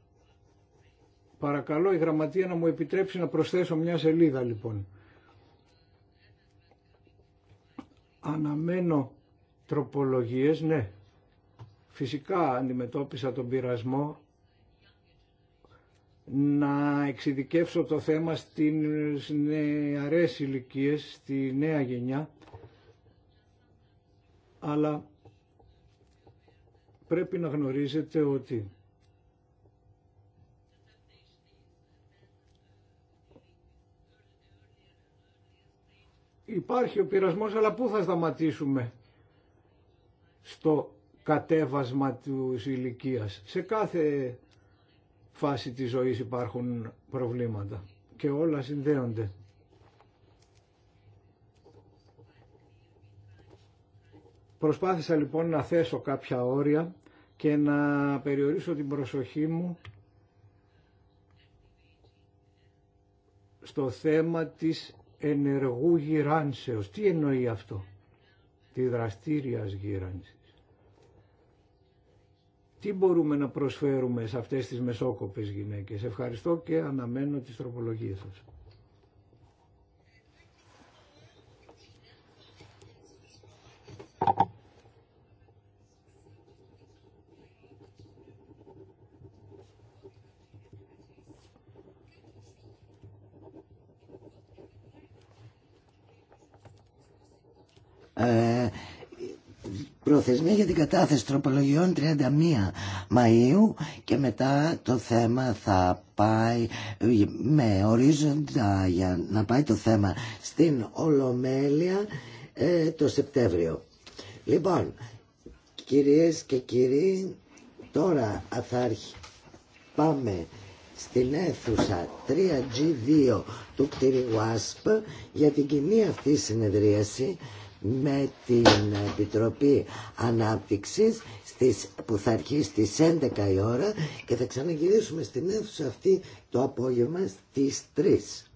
Παρακαλώ η γραμματεία να μου επιτρέψει να προσθέσω μια σελίδα λοιπόν. Αναμένω τροπολογίες, ναι. Φυσικά αντιμετώπισα τον πειρασμό να εξειδικεύσω το θέμα στην νεαρές ηλικίε, στη νέα γενιά, αλλά πρέπει να γνωρίζετε ότι υπάρχει ο πειρασμός, αλλά πού θα σταματήσουμε στο κατέβασμα του ηλικία. Σε κάθε φάση της ζωής υπάρχουν προβλήματα και όλα συνδέονται. Προσπάθησα λοιπόν να θέσω κάποια όρια και να περιορίσω την προσοχή μου στο θέμα της ενεργού γυράνσεως. Τι εννοεί αυτό, τη δραστήριας γύρανση τι μπορούμε να προσφέρουμε σε αυτές τις μεσόκοπες γυναίκες. Ευχαριστώ και αναμένω τις τροπολογίες σας. Ε, προθεσμία για την κατάθεση τροπολογιών 31 Μαΐου και μετά το θέμα θα πάει με ορίζοντα για να πάει το θέμα στην Ολομέλεια ε, το Σεπτέμβριο. Λοιπόν, κυρίες και κύριοι, τώρα θα πάμε στην αίθουσα 3G2 του κτίριου ΑΣΠ για την κοινή αυτή συνεδρίαση με την Επιτροπή Ανάπτυξης που θα αρχίσει στις 11 η ώρα και θα ξαναγυρίσουμε στην αίθουσα αυτή το απόγευμα στις 3.